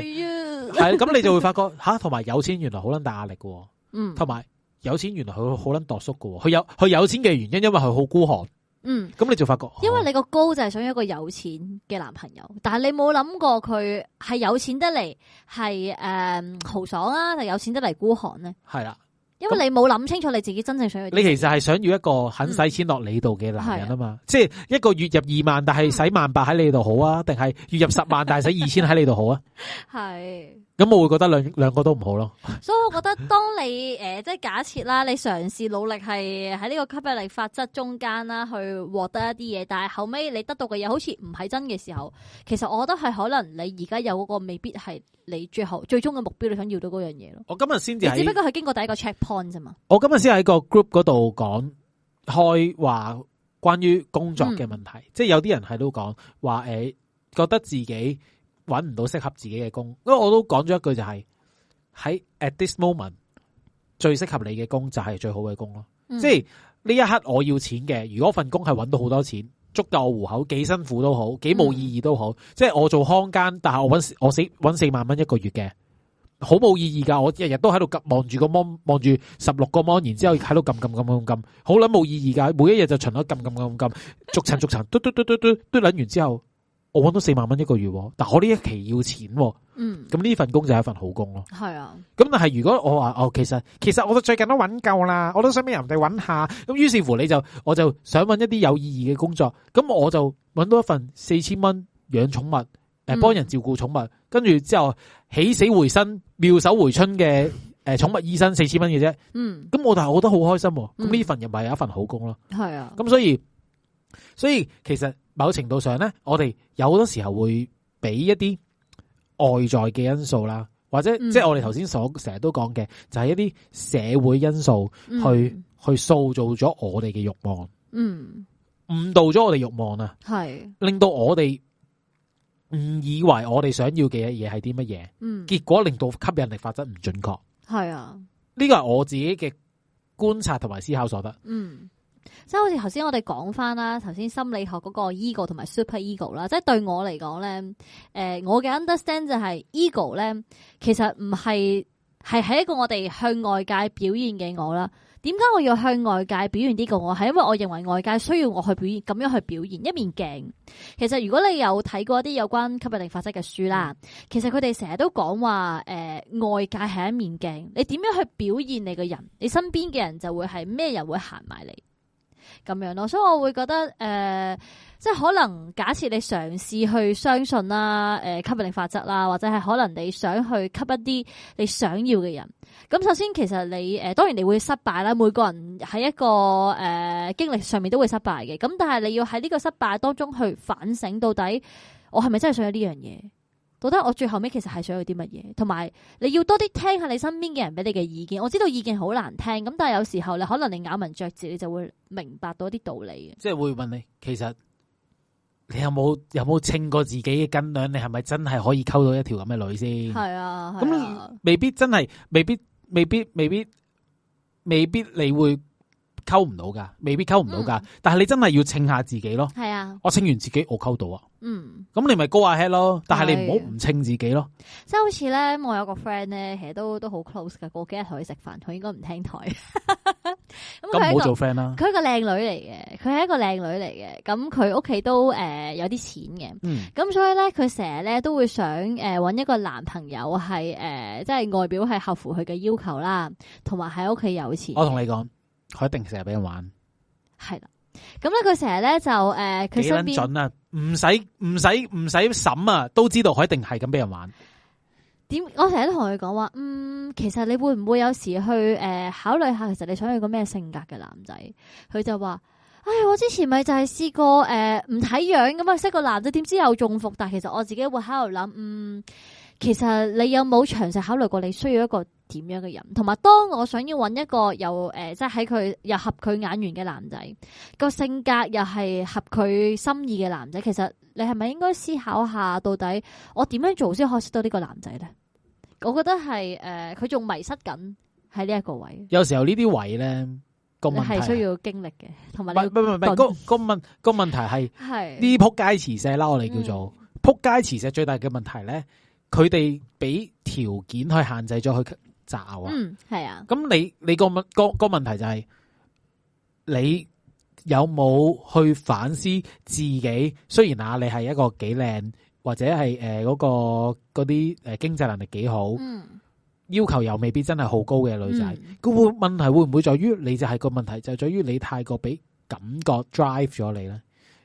B: 係咁，對呀 對你就會發覺
A: 吓，同埋 有錢原來好捻大壓力噶。嗯，同埋有錢原來佢好捻度縮噶。佢有佢有錢嘅原因，因為佢好孤寒。嗯，咁你就發覺，
B: 因為你個高就係想要一個有錢嘅男朋友，嗯、但係你冇諗過佢係有錢得嚟係誒豪爽啊，定有錢得嚟孤寒咧？係啦、嗯，因為你冇諗清楚你自己真正想要。你其
A: 實係想要一個肯使錢落你度嘅男人啊嘛，嗯、即係一個月入二萬，但係使萬八喺你度好啊，定係 月入十萬但係使二千喺你度好啊？係。咁我會覺得兩兩個都唔好咯，
B: 所以我覺得當你誒、呃，即係假設啦，你嘗試努力係喺呢個吸引力法則中間啦，去獲得一啲嘢，但係後尾你得到嘅嘢好似唔係真嘅時候，其實我覺得係可能你而家有嗰個未必係你最後最終嘅目標，你想要到嗰樣嘢咯。我今日先至，你只不過係經過第一個 check point 啫嘛。
A: 我今日先喺個 group 嗰度講開話關於工作嘅問題，嗯、即係有啲人係都講話誒，覺得自己，揾唔到適合自己嘅工，因為我都講咗一句就係喺 at this moment 最適合你嘅工就係、是、最好嘅工咯。即係呢一刻我要錢嘅，如果份工係揾到好多錢，捉到我戶口，幾辛苦都好，幾冇意義都好。即係、嗯、我做康間，但係我揾我四揾四萬蚊一個月嘅，好冇意義噶。我日日都喺度急望住個芒，望住十六個芒，然之後喺度撳撳撳撳撳，好捻冇意義噶。每一日就巡咗撳撳撳撳撳，逐層逐層嘟嘟嘟嘟嘟嘟捻完之後。我搵到四萬蚊一個月，但係我呢一期要錢，嗯，咁呢份工就係一份好工咯。係啊，咁但係如果我話哦，其實其實我最近都搵夠啦，我都想俾人哋搵下，咁於是乎你就我就想搵一啲有意義嘅工作，咁我就搵到一份四千蚊養寵物，誒幫人照顧寵物，跟住之後起死回生妙手回春嘅誒寵物醫生四千蚊嘅啫，嗯，咁我但係我覺得好開心，咁呢份又咪係一份好工咯，
B: 係啊，咁
A: 所以所以其實。某程度上咧，我哋有好多時候會俾一啲外在嘅因素啦，或者、嗯、即係我哋頭先所成日都講嘅，就係、是、一啲社會因素去、嗯、去塑造咗我哋嘅慾望，嗯，誤導咗我哋慾望啊，係是令到我哋誤以為我哋想要嘅嘢係啲乜嘢，嗯，結果令到吸引力法則唔準確，係啊，呢個係我自己嘅觀察同埋思考所得，嗯。
B: 即係好似頭先我哋講翻啦，頭先心理學嗰個 ego 同埋 super ego 啦，即係對我嚟講咧，誒、呃，我嘅 understand 就係 ego 咧，其實唔係係喺一個我哋向外界表現嘅我啦。點解我要向外界表現呢個我？係因為我認為外界需要我去表現，咁樣去表現一面鏡。其實如果你有睇過一啲有關吸引力法則嘅書啦，其實佢哋成日都講話，誒、呃，外界係一面鏡，你點樣去表現你嘅人，你身邊嘅人就會係咩人會行埋嚟。咁樣咯，所以我會覺得誒、呃，即係可能假設你嘗試去相信啦，誒、呃、吸引力法則啦，或者係可能你想去吸一啲你想要嘅人。咁首先，其實你誒、呃，當然你會失敗啦。每個人喺一個誒、呃、經歷上面都會失敗嘅。咁但係你要喺呢個失敗當中去反省，到底我係咪真係想要呢樣嘢？到底我最後尾其實係想要啲乜嘢？同埋你要多啲聽下你身邊嘅人俾你嘅意見。我知道意見好難聽，咁但係有時候你可能你咬文嚼字，你就會明白到一啲道理嘅。
A: 即係會問你，其實你有冇有冇稱過自己嘅斤兩？你係咪真係可以溝到一條咁嘅女先？係啊，
B: 咁、啊、
A: 未必真係，未必，未必，未必，未必你會。溝唔到噶，未必溝唔到噶，嗯、但係你真係要稱下自己咯。係啊，我稱完自己我溝到啊。嗯，咁你咪高下 head 囉，咯，但係你唔好唔稱自己咯。
B: 即係好似咧，我有個 friend 咧，其實都都好 close 噶，過幾日同佢食飯，佢應該唔聽台。咁 好、嗯、做 friend 啦。佢係個靚女嚟嘅，佢係一個靚女嚟嘅。咁佢屋企都誒、呃、有啲錢嘅。嗯。咁所以咧，佢成日咧都會想誒搵、呃、一個男朋友係誒，即、呃、係、就是、外表係合乎佢嘅要求啦，同埋喺屋企有錢。我同
A: 你講。佢一定成日俾人玩，
B: 係啦。咁咧，佢成日咧就誒，佢想，准啊
A: 唔使唔使唔使審啊，都知道佢一定係咁俾人玩。
B: 點？我成日都同佢講話，嗯，其實你會唔會有時去誒考慮下，其實你想去個咩性格嘅男仔？佢就話，唉，我之前咪就係試過誒，唔睇樣咁啊，識個男仔，點知有中伏。但係其實我自己會喺度諗，嗯。其實你有冇詳細考慮過你需要一個點樣嘅人？同埋，當我想要揾一個又誒、呃，即係喺佢又合佢眼緣嘅男仔，個性格又係合佢心意嘅男仔，其實你係咪應該思考下，到底我點樣做先可以識到呢個男仔咧？我覺得係誒，佢、呃、仲迷失緊喺呢一個位。
A: 有時候呢啲位咧個問題係需
B: 要經歷嘅，同埋你要。
A: 唔唔唔唔，個問個問題係係呢撲街磁石，啦，我哋叫做撲、嗯、街磁石最大嘅問題咧。佢哋俾條件去限制咗去、嗯、啊，嗯，
B: 係啊。
A: 咁你你個問個個問題就係、是，你有冇去反思自己？雖然啊，你係一個幾靚，或者係誒嗰個嗰啲誒經濟能力幾好，嗯，要求又未必真係好高嘅女仔。嗯、個問題會唔會在於你就係、是嗯、個問題，就在於你太過俾感覺 drive 咗你咧，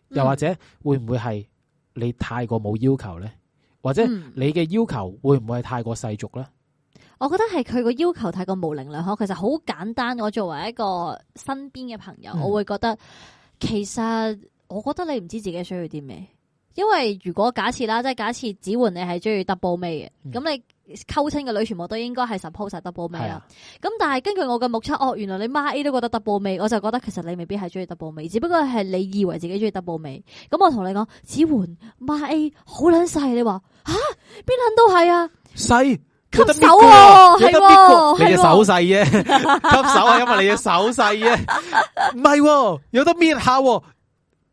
A: 嗯、又或者會唔會係你太過冇要求咧？或者你嘅要求會唔會係太過世俗咧？
B: 我覺得係佢個要求太過模棱兩可，其實好簡單。我作為一個身邊嘅朋友，我會覺得、嗯、其實我覺得你唔知自己需要啲咩。因為如果假設啦，即係假設子煥你係中意 double A 嘅，咁、嗯、你溝親嘅女全部都應該係 suppose 晒 double A 啦。咁但係根據我嘅目測，哦，原來你孖 A 都覺得 double A，我就覺得其實你未必係中意 double A，只不過係你以為自己中意 double A。咁我同你講，子煥孖 A 好撚細，你話吓邊捻都係啊？細、啊、細吸手啊，你嘅手細啫， 吸手
A: 係、啊、因為你嘅手細啫，唔係、哦、有得搣下、哦。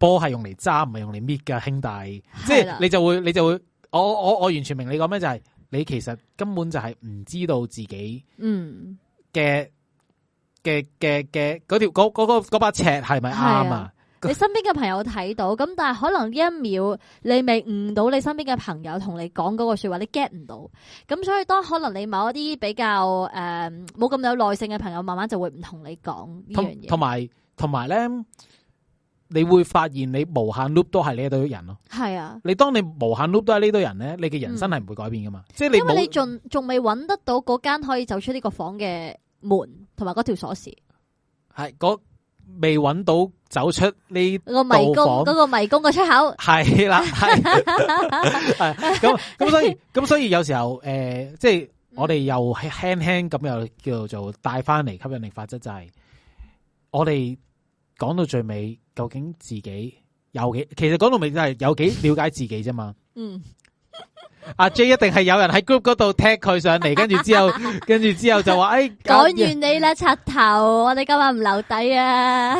A: 波係用嚟揸，唔係用嚟搣㗎，兄弟。是的 即係你就會，你就會，我我我完全明你講咩，就係、是、你其實根本就係唔知道自己嘅，嗯嘅嘅嘅嘅嗰條嗰個把尺係咪啱？啊，
B: 你，你身邊嘅朋友睇到，咁但係可能呢一秒你未悟到，你身邊嘅朋友同你講嗰個說話，你 get 唔到。咁所以當可能你某一啲比較誒冇咁有耐性嘅朋友，慢慢就會唔同你講呢樣嘢。
A: 同埋，同埋咧。你會發現你無限 loop 都係呢堆人咯係啊。你當你無限 loop 都係呢堆人咧，你嘅人生係唔會改變㗎嘛？即係你因為你仲
B: 仲未揾得到嗰間可以走出呢個房嘅門，同埋嗰條鎖匙，
A: 係嗰未揾到走出呢個迷宮嗰
B: 個迷宮嘅出口，
A: 係啦，係咁咁，所以咁所以有時候誒，即係我哋又輕輕咁又叫做帶翻嚟吸引力法則，就係我哋講到最尾。究竟自己有幾？其實講到明就係有幾了解自己啫嘛。嗯。阿 J 一定係有人喺 group 嗰度踢佢上嚟，跟住之後，跟住之後就話，誒，講完
B: 你啦，柒頭，我哋今晚唔留底啊！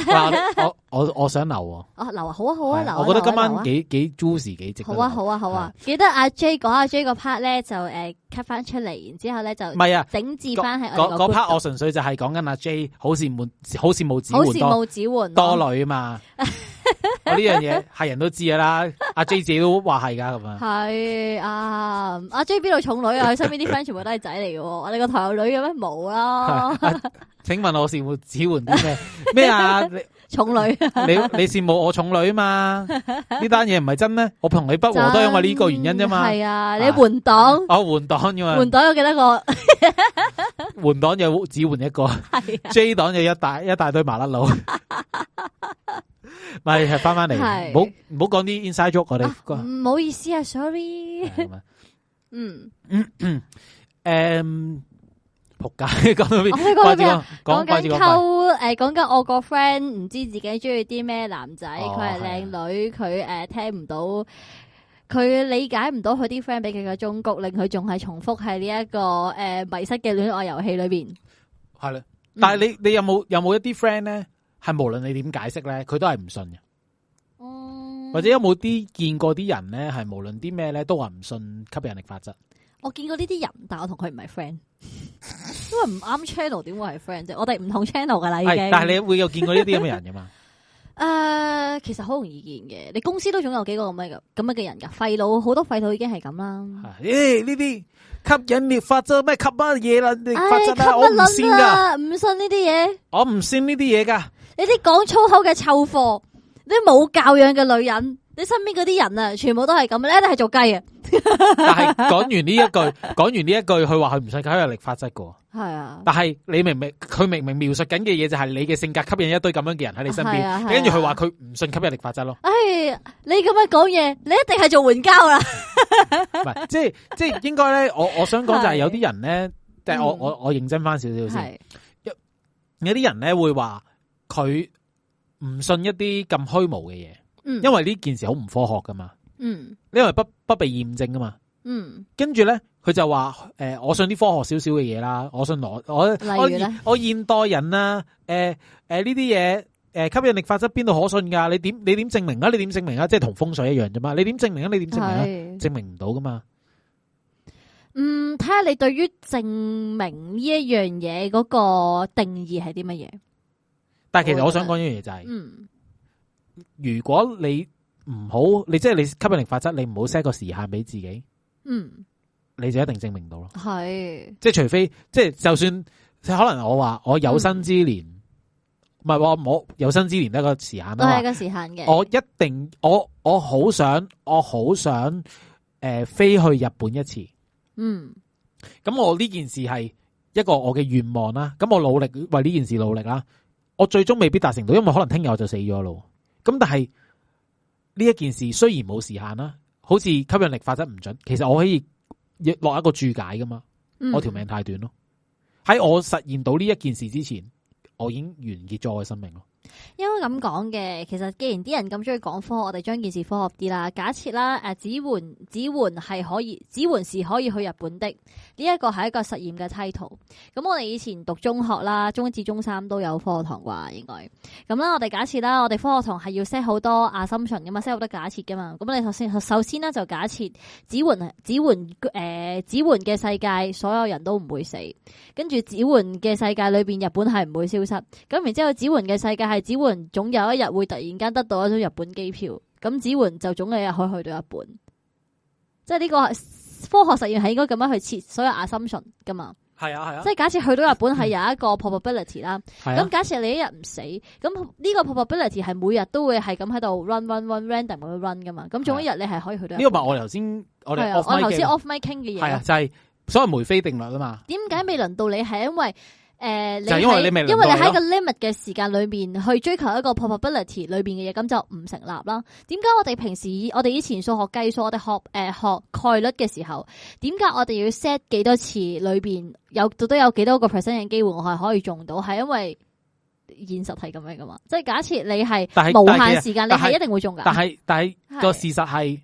B: 我
A: 我我想留啊！哦，
B: 留啊，好啊，好啊，留我我覺得今晚幾
A: 幾 juicy 幾值。好啊，
B: 好啊，好啊！記得阿 J 講阿 J 個 part 咧，就誒 cut 翻出嚟，然之後咧就唔係啊，整治翻喺我 p 嗰 part 我
A: 純粹就係講緊阿 J，好似冇好似冇指換多女啊嘛！
B: 我呢樣嘢
A: 係人都知噶啦，阿 J 自己都話係噶咁樣，
B: 係啊。Um, 啊！阿 J 邊度寵女啊？佢身邊啲 friend 全部都係仔嚟嘅，我哋個台有女嘅咩冇啊？啊、
A: 請問我試換只換啲咩咩啊？
B: 寵 重女 你，你
A: 你羨慕我寵女啊嘛？呢單嘢唔係真咩？我同你不和都的因為呢個原因啫嘛、啊？係
B: 啊，你換檔，
A: 我換檔噶嘛？換
B: 檔有幾多個？
A: 換檔又只換一個、啊、 ，J 檔就一大一大堆麻甩佬。 咪係翻翻嚟，唔好唔好講啲 inside joke 我哋。唔
B: 好意思啊，sorry。嗯嗯
A: 嗯，誒仆街，講到邊？我呢個咧，講緊溝，
B: 誒，講緊我個 friend 唔知自己中意啲咩男仔，佢係靚女，佢誒聽唔到，佢理解唔到佢啲 friend 俾佢嘅忠告，令佢仲係重複喺呢一個誒迷失嘅戀愛遊戲裏邊。
A: 係啦，但係你你有冇有冇一啲 friend 咧？係無論你點解釋咧，佢都係唔信嘅。哦、嗯，或者有冇啲見過啲人咧？係無論啲咩咧，都話唔信吸引力法則。
B: 我見過呢啲人，但我同佢唔係 friend，因為唔啱 channel，點會係 friend 啫？我哋唔同 channel 噶啦。是 但係你會有見過呢啲咁嘅人嘅嘛？誒、 呃，其實好容易見嘅。你公司都總有幾個咁樣咁樣嘅人噶，廢佬好多廢佬已經係咁啦。誒、哎，
A: 呢啲吸引力法則咩吸乜嘢啦？你法則我唔信噶，
B: 唔信呢啲嘢，
A: 我唔信呢啲嘢噶。
B: 你啲講粗口嘅臭貨，你冇教養嘅女人，你身邊嗰啲人啊，全部都係咁，你一定係做雞啊！
A: 但係講完呢一句，講 完呢一句，佢話佢唔信吸引力法則嘅。係是啊，但係你明明佢明明描述緊嘅嘢就係你嘅性格吸引一堆咁樣嘅人喺你身邊，跟住佢話佢唔信吸引力法則咯。
B: 是啊是啊哎，你咁樣講嘢，你一定係做援交啦！
A: 唔
B: 係，即係即係
A: 應該咧。我我想講就係有啲人咧，是啊、即係我我我認真翻少少先，有啲人咧會話。佢唔信一啲咁虛無嘅嘢，嗯，因為呢件事好唔科學噶嘛，嗯，因為不不被驗證噶嘛，嗯，跟住咧佢就話誒，呃，我信啲科學少少嘅嘢啦，我信我我我現代人啊，誒誒呢啲嘢誒吸引力法則邊度可信噶？你點你點證明啊？你點證明啊？即係同風水一樣啫嘛？你點證明啊？你點證明啊？對，證明唔到噶嘛？
B: 嗯，睇下你對於證明呢一樣嘢嗰個定義係啲乜嘢？
A: 但係其實我想講一樣嘢，就係、是，嗯、如果你唔好，你即係你吸引力法則，你唔好 set 個時限俾自己，
B: 嗯，
A: 你就一定證明到咯。
B: 係
A: 是，即係除非，即係就算，即可能我話我有生之年，唔係、嗯、話我冇有生之年得個時限啊，我係個
B: 時限嘅。我
A: 一定，我我好想，我好想，誒、呃，飛去日本一次。嗯，咁我呢件事係一個我嘅願望啦。咁我努力為呢件事努力啦。我最終未必達成到，因為可能聽日我就死咗咯。咁但係呢一件事雖然冇時限啦，好似吸引力法則唔準，其實我可以落一個注解噶嘛。
B: 嗯、我條命
A: 太短咯。喺我實現到呢一件事之前，我已經完結咗我嘅生命咯。
B: 應該咁講嘅，其實既然啲人咁中意講科學，我哋將件事科學啲啦。假設啦，誒，子桓子桓係可以，子桓是可以去日本的。呢一個係一個實驗嘅梯圖，咁我哋以前讀中學啦，中一至中三都有科學堂啩，應該咁啦。我哋假設啦，我哋科學堂係要 set 好多啊，心存噶嘛，set 好多假設噶嘛。咁你首先首先呢，就假設指環指環誒指環嘅世界所有人都唔會死，跟住指環嘅世界裏邊日本係唔會消失，咁然之後指環嘅世界係指環總有一日會突然間得到一張日本機票，咁指環就總有一日可以去到日本，即係呢個。科學實驗係應該咁樣去設所有 assumption 噶嘛，係啊係啊，即係假設去到日本係有一個 probability 啦，咁假設你一日唔死，咁呢個 probability 係每日都會係咁喺度 run run run random 去 run 噶嘛，咁仲有、啊、一日你係可以去到日本。呢個咪
A: 我頭先我頭先 off
B: mike 傾嘅嘢，係啊，my game 啊、
A: 就係所謂梅菲定律啊嘛。
B: 點解未輪到你？係因為。誒、呃，你因為你明，因為喺個 limit 嘅時間裏面去追求一個 probability 裏邊嘅嘢，咁就唔成立啦。點解我哋平時我哋以前數學計數，我哋學誒、呃、學概率嘅時候，點解我哋要 set 幾多次裏邊有到底有幾多個 percent 嘅機會我係可以中到？係因為現實係咁樣噶嘛？即係假設你係無限時間，你係一定會中噶。但係
A: 但係個事實係，是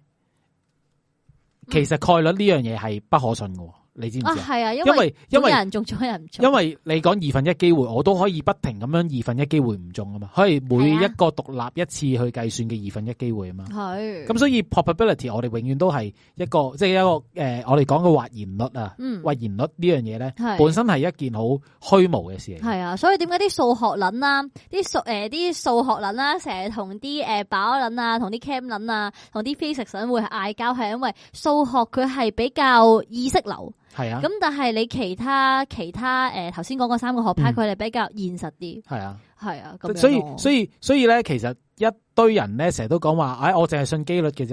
A: 其實概率呢樣嘢係不可信嘅。你知唔啊？係啊，因為，因為，因為有人中咗，有人唔中。因為你講二分一機會，我都可以不停咁樣二分一機會唔中啊嘛，可以每一個獨立一次去計算嘅二分一機會啊嘛。
B: 係。咁
A: 所以 probability、啊、我哋永遠都係一個即係一個、呃、我哋講嘅或然率啊，嗯、或然率呢樣嘢咧，啊、本身係一件好虛無嘅事。
B: 係啊，所以點解啲數學佬啦，啲數啲數學佬啦，成日同啲保飽佬啊，同啲 cam 佬啊，同啲 physics 佬會嗌交，係因為數學佢係比較意識流，係啊，咁但係你其他其他誒，頭先講嗰三個學派，佢哋比較現實啲。係啊，係啊，所以
A: 所以所以咧，其實一堆人咧，成日都講話，哎，我淨係信幾率嘅啫。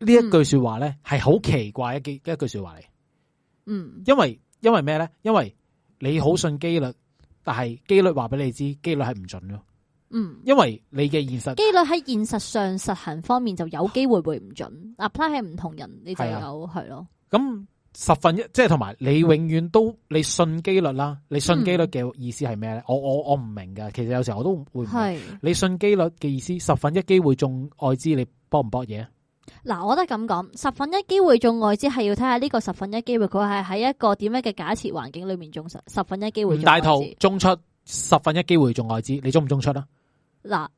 A: 呢一句說話咧，係好奇怪嘅一一句說話嚟。嗯，因為因為咩咧？因為你好信幾率，但係幾率話俾你知，幾率係唔準咯。嗯，因為你嘅現實幾
B: 率喺現實上實行方面就有機會會唔準。apply 係唔同人，你就有係咯。
A: 咁。十分一，即係同埋你永遠都、嗯、你信機率啦，你信機率嘅意思係咩咧？我我我唔明㗎。其實有時候我都會唔明白。是的 你信機率嘅意思，十分一機會中外資，你博唔博嘢？
B: 嗱，我都咁講，十分一機會中外資係要睇下呢個十分一機會，佢係喺一個點樣嘅假設環境裏面中十十分一機會中外資。唔戴
A: 套中出十分一機會中外資，你中唔中出啊？
B: 嗱。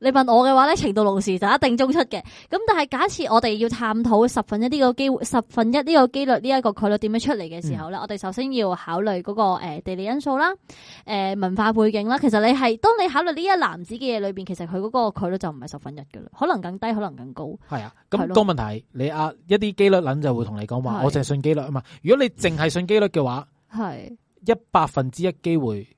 B: 你問我嘅話咧，程度老時就一定中出嘅。咁但係假設我哋要探討十分一呢個機會，十分一呢個機率呢一個概率點樣出嚟嘅時候呢、嗯、我哋首先要考慮嗰個誒地理因素啦，誒、呃、文化背景啦。其實你係當你考慮呢一籃子嘅嘢裏邊，其實佢嗰個概率就唔係十分一噶啦，可能更低，可能更高。
A: 係啊，咁、那、多、個、問題了你啊一啲機率撚就會同你講話，是我淨係信幾率啊嘛。如果你淨係信幾率嘅話，係一百分之一機會。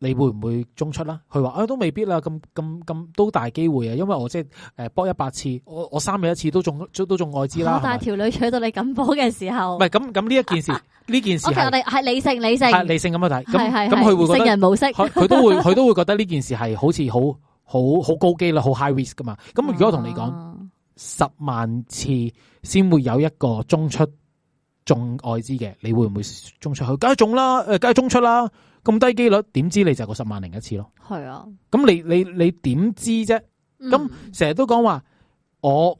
A: 你會唔會中出啦？佢話，啊，都未必啦，咁咁咁都大機會啊，因為我即係，誒，搏一百次，我我三尾一次都中，都中外資啦。好大條
B: 女娶吧到你咁搏嘅時候，唔係
A: 咁咁呢一件事，呢、啊、件事係、
B: okay, 我哋係理性理性理性
A: 咁樣睇，咁咁佢會覺得，聖人
B: 模式，佢都會佢都，
A: 都會覺得呢件事係好似好好好高機率，好 high risk 噶嘛。咁如果我同你講哇十萬次先會有一個中出中外資嘅，你會唔會中出去？佢梗係中啦，誒，梗係中出啦。咁低機率，點知你就個十萬零一次咯？
B: 係啊，
A: 咁你你你點知啫？咁成日都講話我，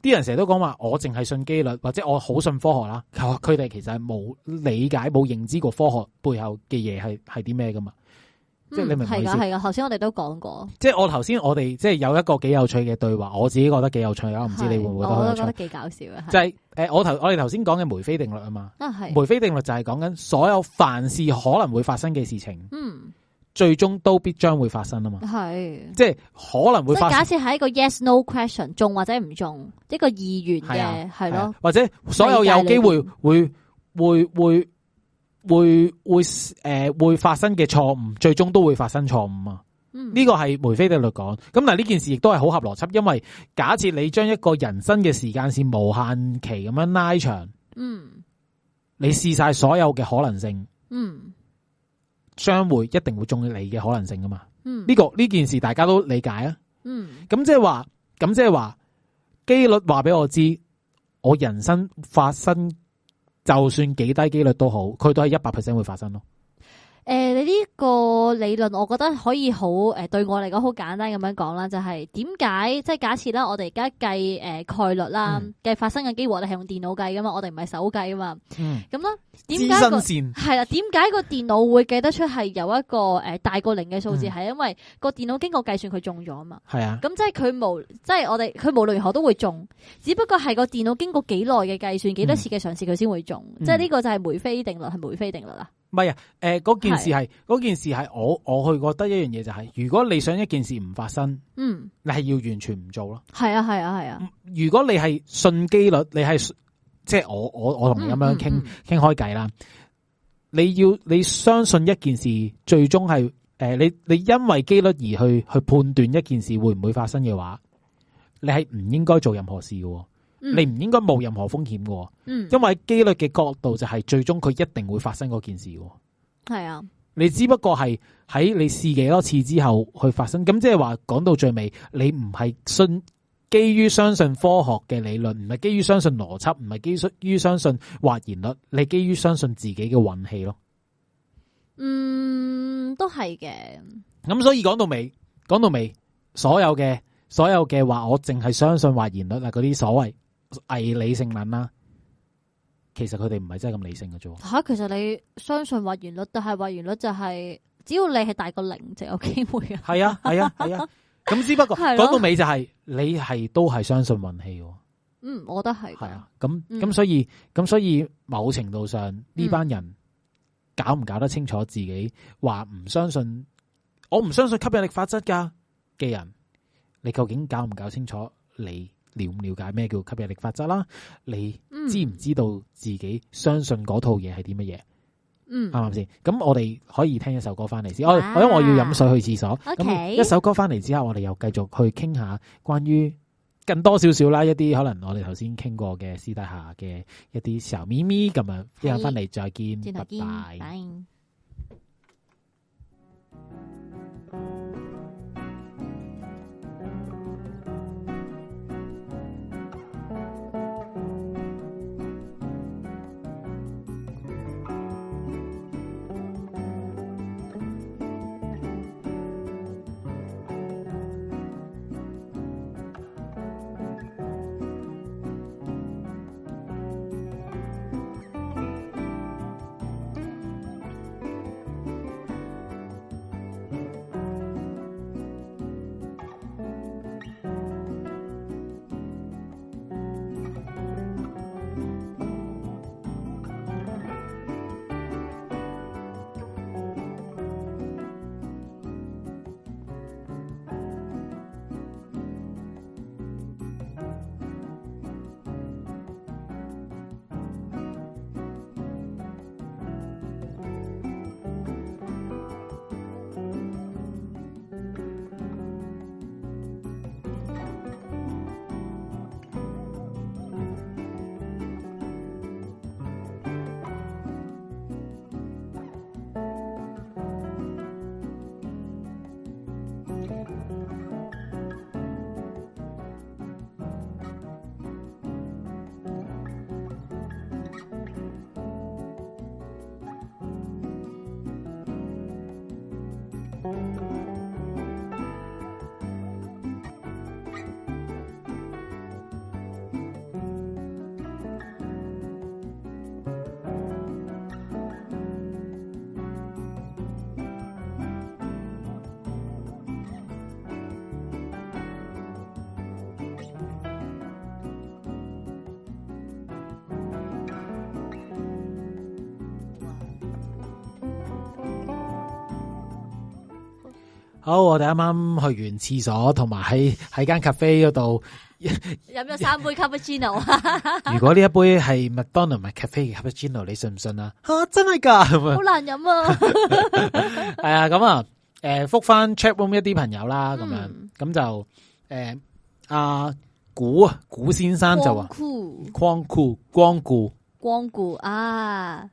A: 啲、嗯、人成日都講話我淨係信機率，或者我好信科學啦。佢佢哋其實係冇理解冇認知過科學背後嘅嘢係啲咩噶嘛？即係你明唔明先？係噶
B: 係噶，頭先我哋都講過。
A: 即係我頭先我哋即係有一個幾有趣嘅對話，我自己覺得幾有趣啊！唔知你會唔會都好有趣？我都覺
B: 得幾搞笑嘅。
A: 就係誒，我頭我哋頭先講嘅梅菲定律啊嘛。係。梅菲定律就係講緊所有凡事可能會發生嘅事情，
B: 嗯，
A: 最終都必將會發生啊嘛。
B: 係。
A: 即係可能會發生。假
B: 設係一個 yes no question，中或者唔中，一個意願嘅係咯。
A: 或者所有有機會會會會。會會誒、呃、會發生嘅錯誤，最終都會發生錯誤啊！呢個係梅菲定律講。咁嗱呢件事亦都係好合邏輯，因為假設你將一個人生嘅時間線無限期咁樣拉長，嗯，你試晒所有嘅可能性，
B: 嗯，
A: 將會一定會中你嘅可能性噶嘛？嗯，呢、這個呢件事大家都理解啊。嗯，咁即係話，咁即係話，機率話俾我知，我人生發生。就算幾低幾率都好，佢都係一百 percent 會發生咯。
B: 誒、呃，你呢個理論，我覺得可以好誒、呃，對我嚟講好簡單咁樣講啦，就係點解，即係假設啦、呃，我哋而家計誒概率啦，計發生嘅機會，我哋係用電腦計㗎嘛，我哋唔係手計㗎嘛，咁咯深。資深線係啦，點解個電腦會計得出係有一個誒、呃、大過零嘅數字？係、嗯、因為個電腦經過計算佢中咗啊嘛。係是啊。咁即係佢無，即係我哋佢無論如何都會中，只不過係個電腦經過幾耐嘅計算，幾多次嘅嘗試佢先會中。嗯、即係呢個就係梅菲定律，係梅菲定律啊。
A: 唔係啊，誒、呃，嗰件事係嗰件事係我我去覺得一樣嘢就係，是，如果你想一件事唔發生，嗯，你係要完全唔做咯。
B: 係啊，係啊，係啊。
A: 如果你係信機率，你係即係我我我同你咁樣傾傾，嗯嗯嗯、開偈啦。你要你相信一件事最終係誒，你你因為機率而去去判斷一件事會唔會發生嘅話，你係唔應該做任何事嘅。你唔應該冇任何風險喎，嗯、因為喺機率嘅角度就係最終佢一定會發生嗰件事。
B: 係啊，
A: 你只不過係喺你試幾多次之後去發生。咁即係話講到最尾，你唔係信基於相信科學嘅理論，唔係基於相信邏輯，唔係基於相信或然率，你基於相信自己嘅運氣咯。嗯，
B: 都係嘅。
A: 咁所以講到尾，講到尾，所有嘅所有嘅話，我淨係相信或然率啊，嗰啲所謂。偽理性論啦，其實佢哋唔係真係咁理性嘅啫。吓，
B: 其實你相信或然率，但係或然率就係、是、只要你係大過零就有機會有 是啊。係啊，係啊，係啊。
A: 咁只不
B: 過講到尾
A: 就係、是、你係都係相信運氣。嗯，我
B: 覺得係。係啊，
A: 咁咁所以咁、嗯、所以某程度上呢班人搞唔搞得清楚自己話唔、嗯、相信，我唔相信吸引力法則噶嘅人，你究竟搞唔搞清楚你？了唔瞭解咩叫吸引力法則啦？你知唔知道自己相信嗰套嘢係啲乜嘢？嗯，啱唔啱先？咁我哋可以聽一首歌翻嚟先。我、啊、因為我要飲水去廁所。咁、啊 okay、一首歌翻嚟之後，我哋又繼續去傾下關於更多少少啦，一啲可能我哋頭先傾過嘅私底下嘅一啲小咪咪咁樣。之後翻嚟再見，見拜拜。好，我哋啱啱去完廁所，同埋喺喺間咖啡嗰度
B: 飲咗三杯 cappuccino。 如果
A: 呢一杯係麥當勞唔係咖啡嘅 cappuccino，你信唔信啊？吓，真係噶，好難飲啊！係啊，咁啊，誒，復翻 chat room 一啲朋友啦，咁樣，咁就誒，阿古啊，古先生就話光顧顧光顧
B: 光顧光顧啊！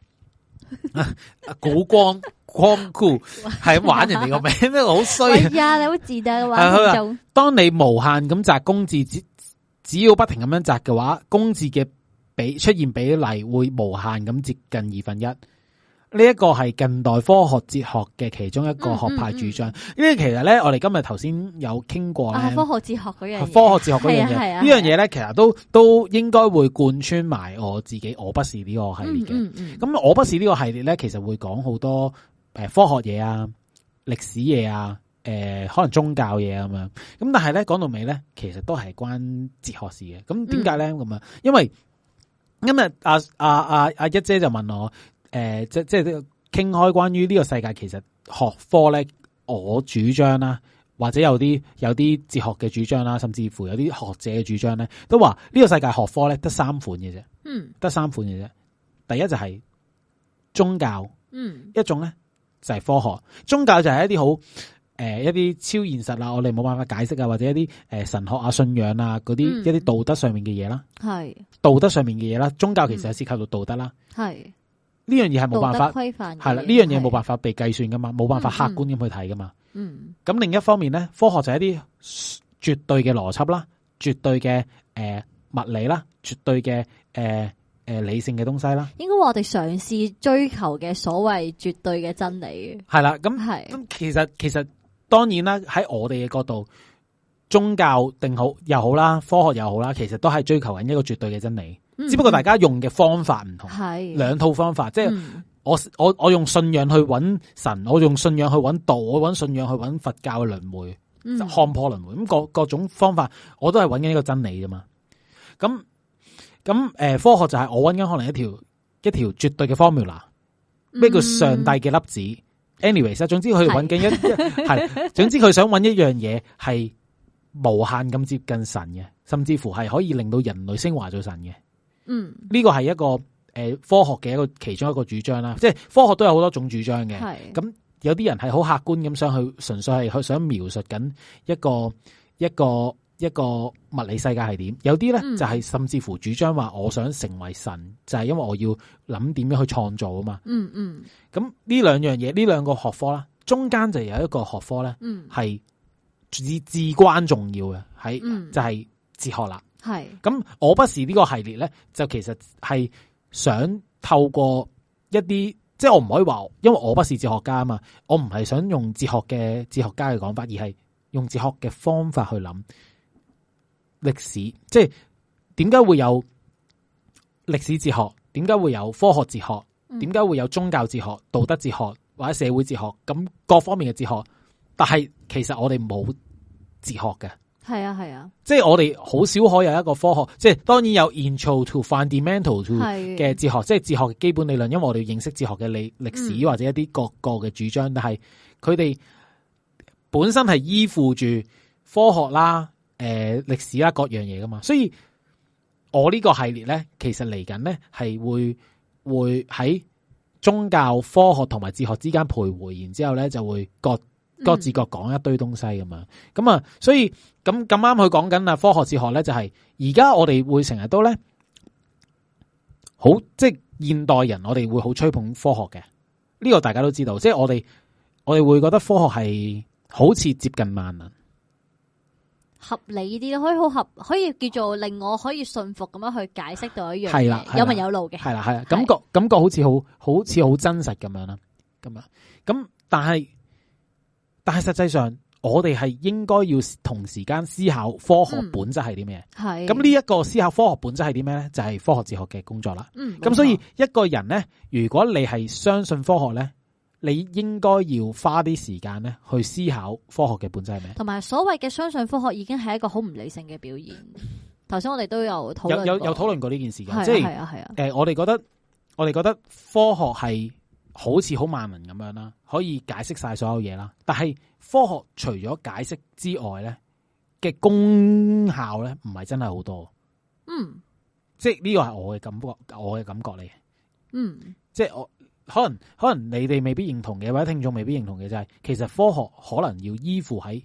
A: 啊， 古光 光顧係玩人哋個名，咩好衰
B: 啊，你好自大嘅話，
A: 當你無限咁摘公字，只只要不停咁樣摘嘅話，公字嘅比出現比例會無限咁接近二分一。呢一個係近代科學哲學嘅其中一個學派主張，因為、嗯嗯嗯、其實咧，我哋今日頭先有傾過科學
B: 哲學嗰樣，科學
A: 哲學嗰樣嘢，呢樣嘢咧，啊啊啊、其實都都應該會貫穿埋我自己，我不是呢個系列
B: 嘅。咁、嗯嗯嗯、
A: 我不是呢個系列咧，其實會講好多誒科學嘢啊、歷史嘢啊、誒、呃、可能宗教嘢咁樣。咁但係咧，講到尾咧，其實都係關哲學事嘅。咁點解咧咁啊？因為今日阿阿阿阿一姐就問我。誒，即即係傾開關於呢個世界，其實學科咧，我主張啦，或者有啲有啲哲學嘅主張啦，甚至乎有啲學者嘅主張咧，都話呢個世界學科咧得三款嘅啫，嗯，得三款嘅啫。第一就係宗教，嗯，一種咧就係科學，宗教就係一啲好誒一啲超現實啊，我哋冇辦法解釋啊，或者一啲誒神學啊、信仰啊嗰啲一啲道德上面嘅嘢啦，係是道德上面嘅嘢啦，宗教其實係涉及到道德啦，係、嗯。呢樣嘢係冇辦法，
B: 係啦，呢樣嘢冇
A: 辦法被計算噶嘛，冇是辦法客觀咁去睇噶嘛。嗯，咁另一方面咧，科學就係一啲絕對嘅邏輯啦，絕對嘅誒、呃、物理啦，絕對嘅誒誒理性嘅東西啦。
B: 應該話我哋嘗試追求嘅所謂絕對嘅真理。
A: 係啦，咁係咁，其實其實當然啦，喺我哋嘅角度，宗教定好又好啦，科學又好啦，其實都係追求緊一個絕對嘅真理。只不過大家用嘅方法唔
B: 同，係兩、
A: 嗯、套方法，即係我我我用信仰去揾神，我用信仰去揾道，我揾信仰去揾佛教嘅輪回，嗯、看破輪回，咁各各種方法我都係揾緊一個真理噶嘛。咁咁誒，科學就係我揾緊可能一條一條絕對嘅 formula，咩叫上帝嘅粒子？嗯、anyways，總之佢揾緊一係，總之佢想揾一樣嘢係無限咁接近神嘅，甚至乎係可以令到人類升華咗神嘅。嗯，呢個係一個誒科學嘅一個其中一個主張啦，即係科學都有好多種主張嘅。係咁是有啲人係好客觀咁想去，純粹係去想描述緊一個一個一個物理世界係點。有啲咧、嗯、就係甚至乎主張話，我想成為神，就係、是、因為我要諗點樣去創造啊嘛。嗯嗯。咁呢兩樣嘢，呢兩個學科啦，中間就有一個學科咧，係至至關重要嘅，喺、嗯、就係、是、哲學啦。係咁，是我不是呢個系列咧，就其實係想透過一啲，即係我唔可以話，因為我不是哲學家啊嘛，我唔係想用哲學嘅哲學家嘅講法，而係用哲學嘅方法去諗歷史，即係點解會有歷史哲學？點解會有科學哲學？點解、嗯、會有宗教哲學、道德哲學或者社會哲學？咁各方面嘅哲學，但係其實我哋冇哲學嘅。係啊，係啊，即係我哋好少可有一個科學，即係當然有 intro to fundamental to 嘅哲學，是即係哲學嘅基本理論。因為我哋認識哲學嘅歷歷史或者一啲各個嘅主張，嗯、但係佢哋本身係依附住科學啦，誒、呃，歷史啦，各樣嘢噶嘛，所以我呢個系列咧，其實嚟緊咧係會會喺宗教、科學同埋哲學之間徘徊，然之後咧就會各。各自各講一堆東西咁樣，咁啊、嗯，所以咁咁啱佢講緊啊，科學哲學咧就係而家我哋會成日都咧好，即係現代人我哋會好吹捧科學嘅，呢個大家都知道，即係我哋我哋會覺得科學係好似接近萬能、
B: 合理啲咯，可以好合，可以叫做令我可以信服咁樣去解釋到一樣係啦，有文有路嘅，係啦，
A: 係啊感覺感覺好似好好似好真實咁樣啦，咁啊，咁但係。但係實際上，我哋係應該要同時間思考科學本質係啲咩？係咁呢一個思考科學本質係啲咩咧？就係、是、科學哲學嘅工作啦。咁、嗯、所以一個人咧，如果你係相信科學咧，你應該要花啲時間咧去思考科學嘅本質係咩？
B: 同埋所謂嘅相信科學已經係一個好唔理性嘅表現。頭先我哋都有討論有有討
A: 論過呢件事嘅，即係係啊係啊。誒、啊啊呃，我哋覺得我哋覺得科學係。好似好萬能咁樣啦，可以解釋晒所有嘢啦。但係科學除咗解釋之外咧嘅功效咧，唔係真係好多。嗯，即係呢個係我嘅感覺，我嘅感覺嚟嘅。嗯，即係我可能可能你哋未必認同嘅，或者聽眾未必認同嘅就係、是，其實科學可能要依附喺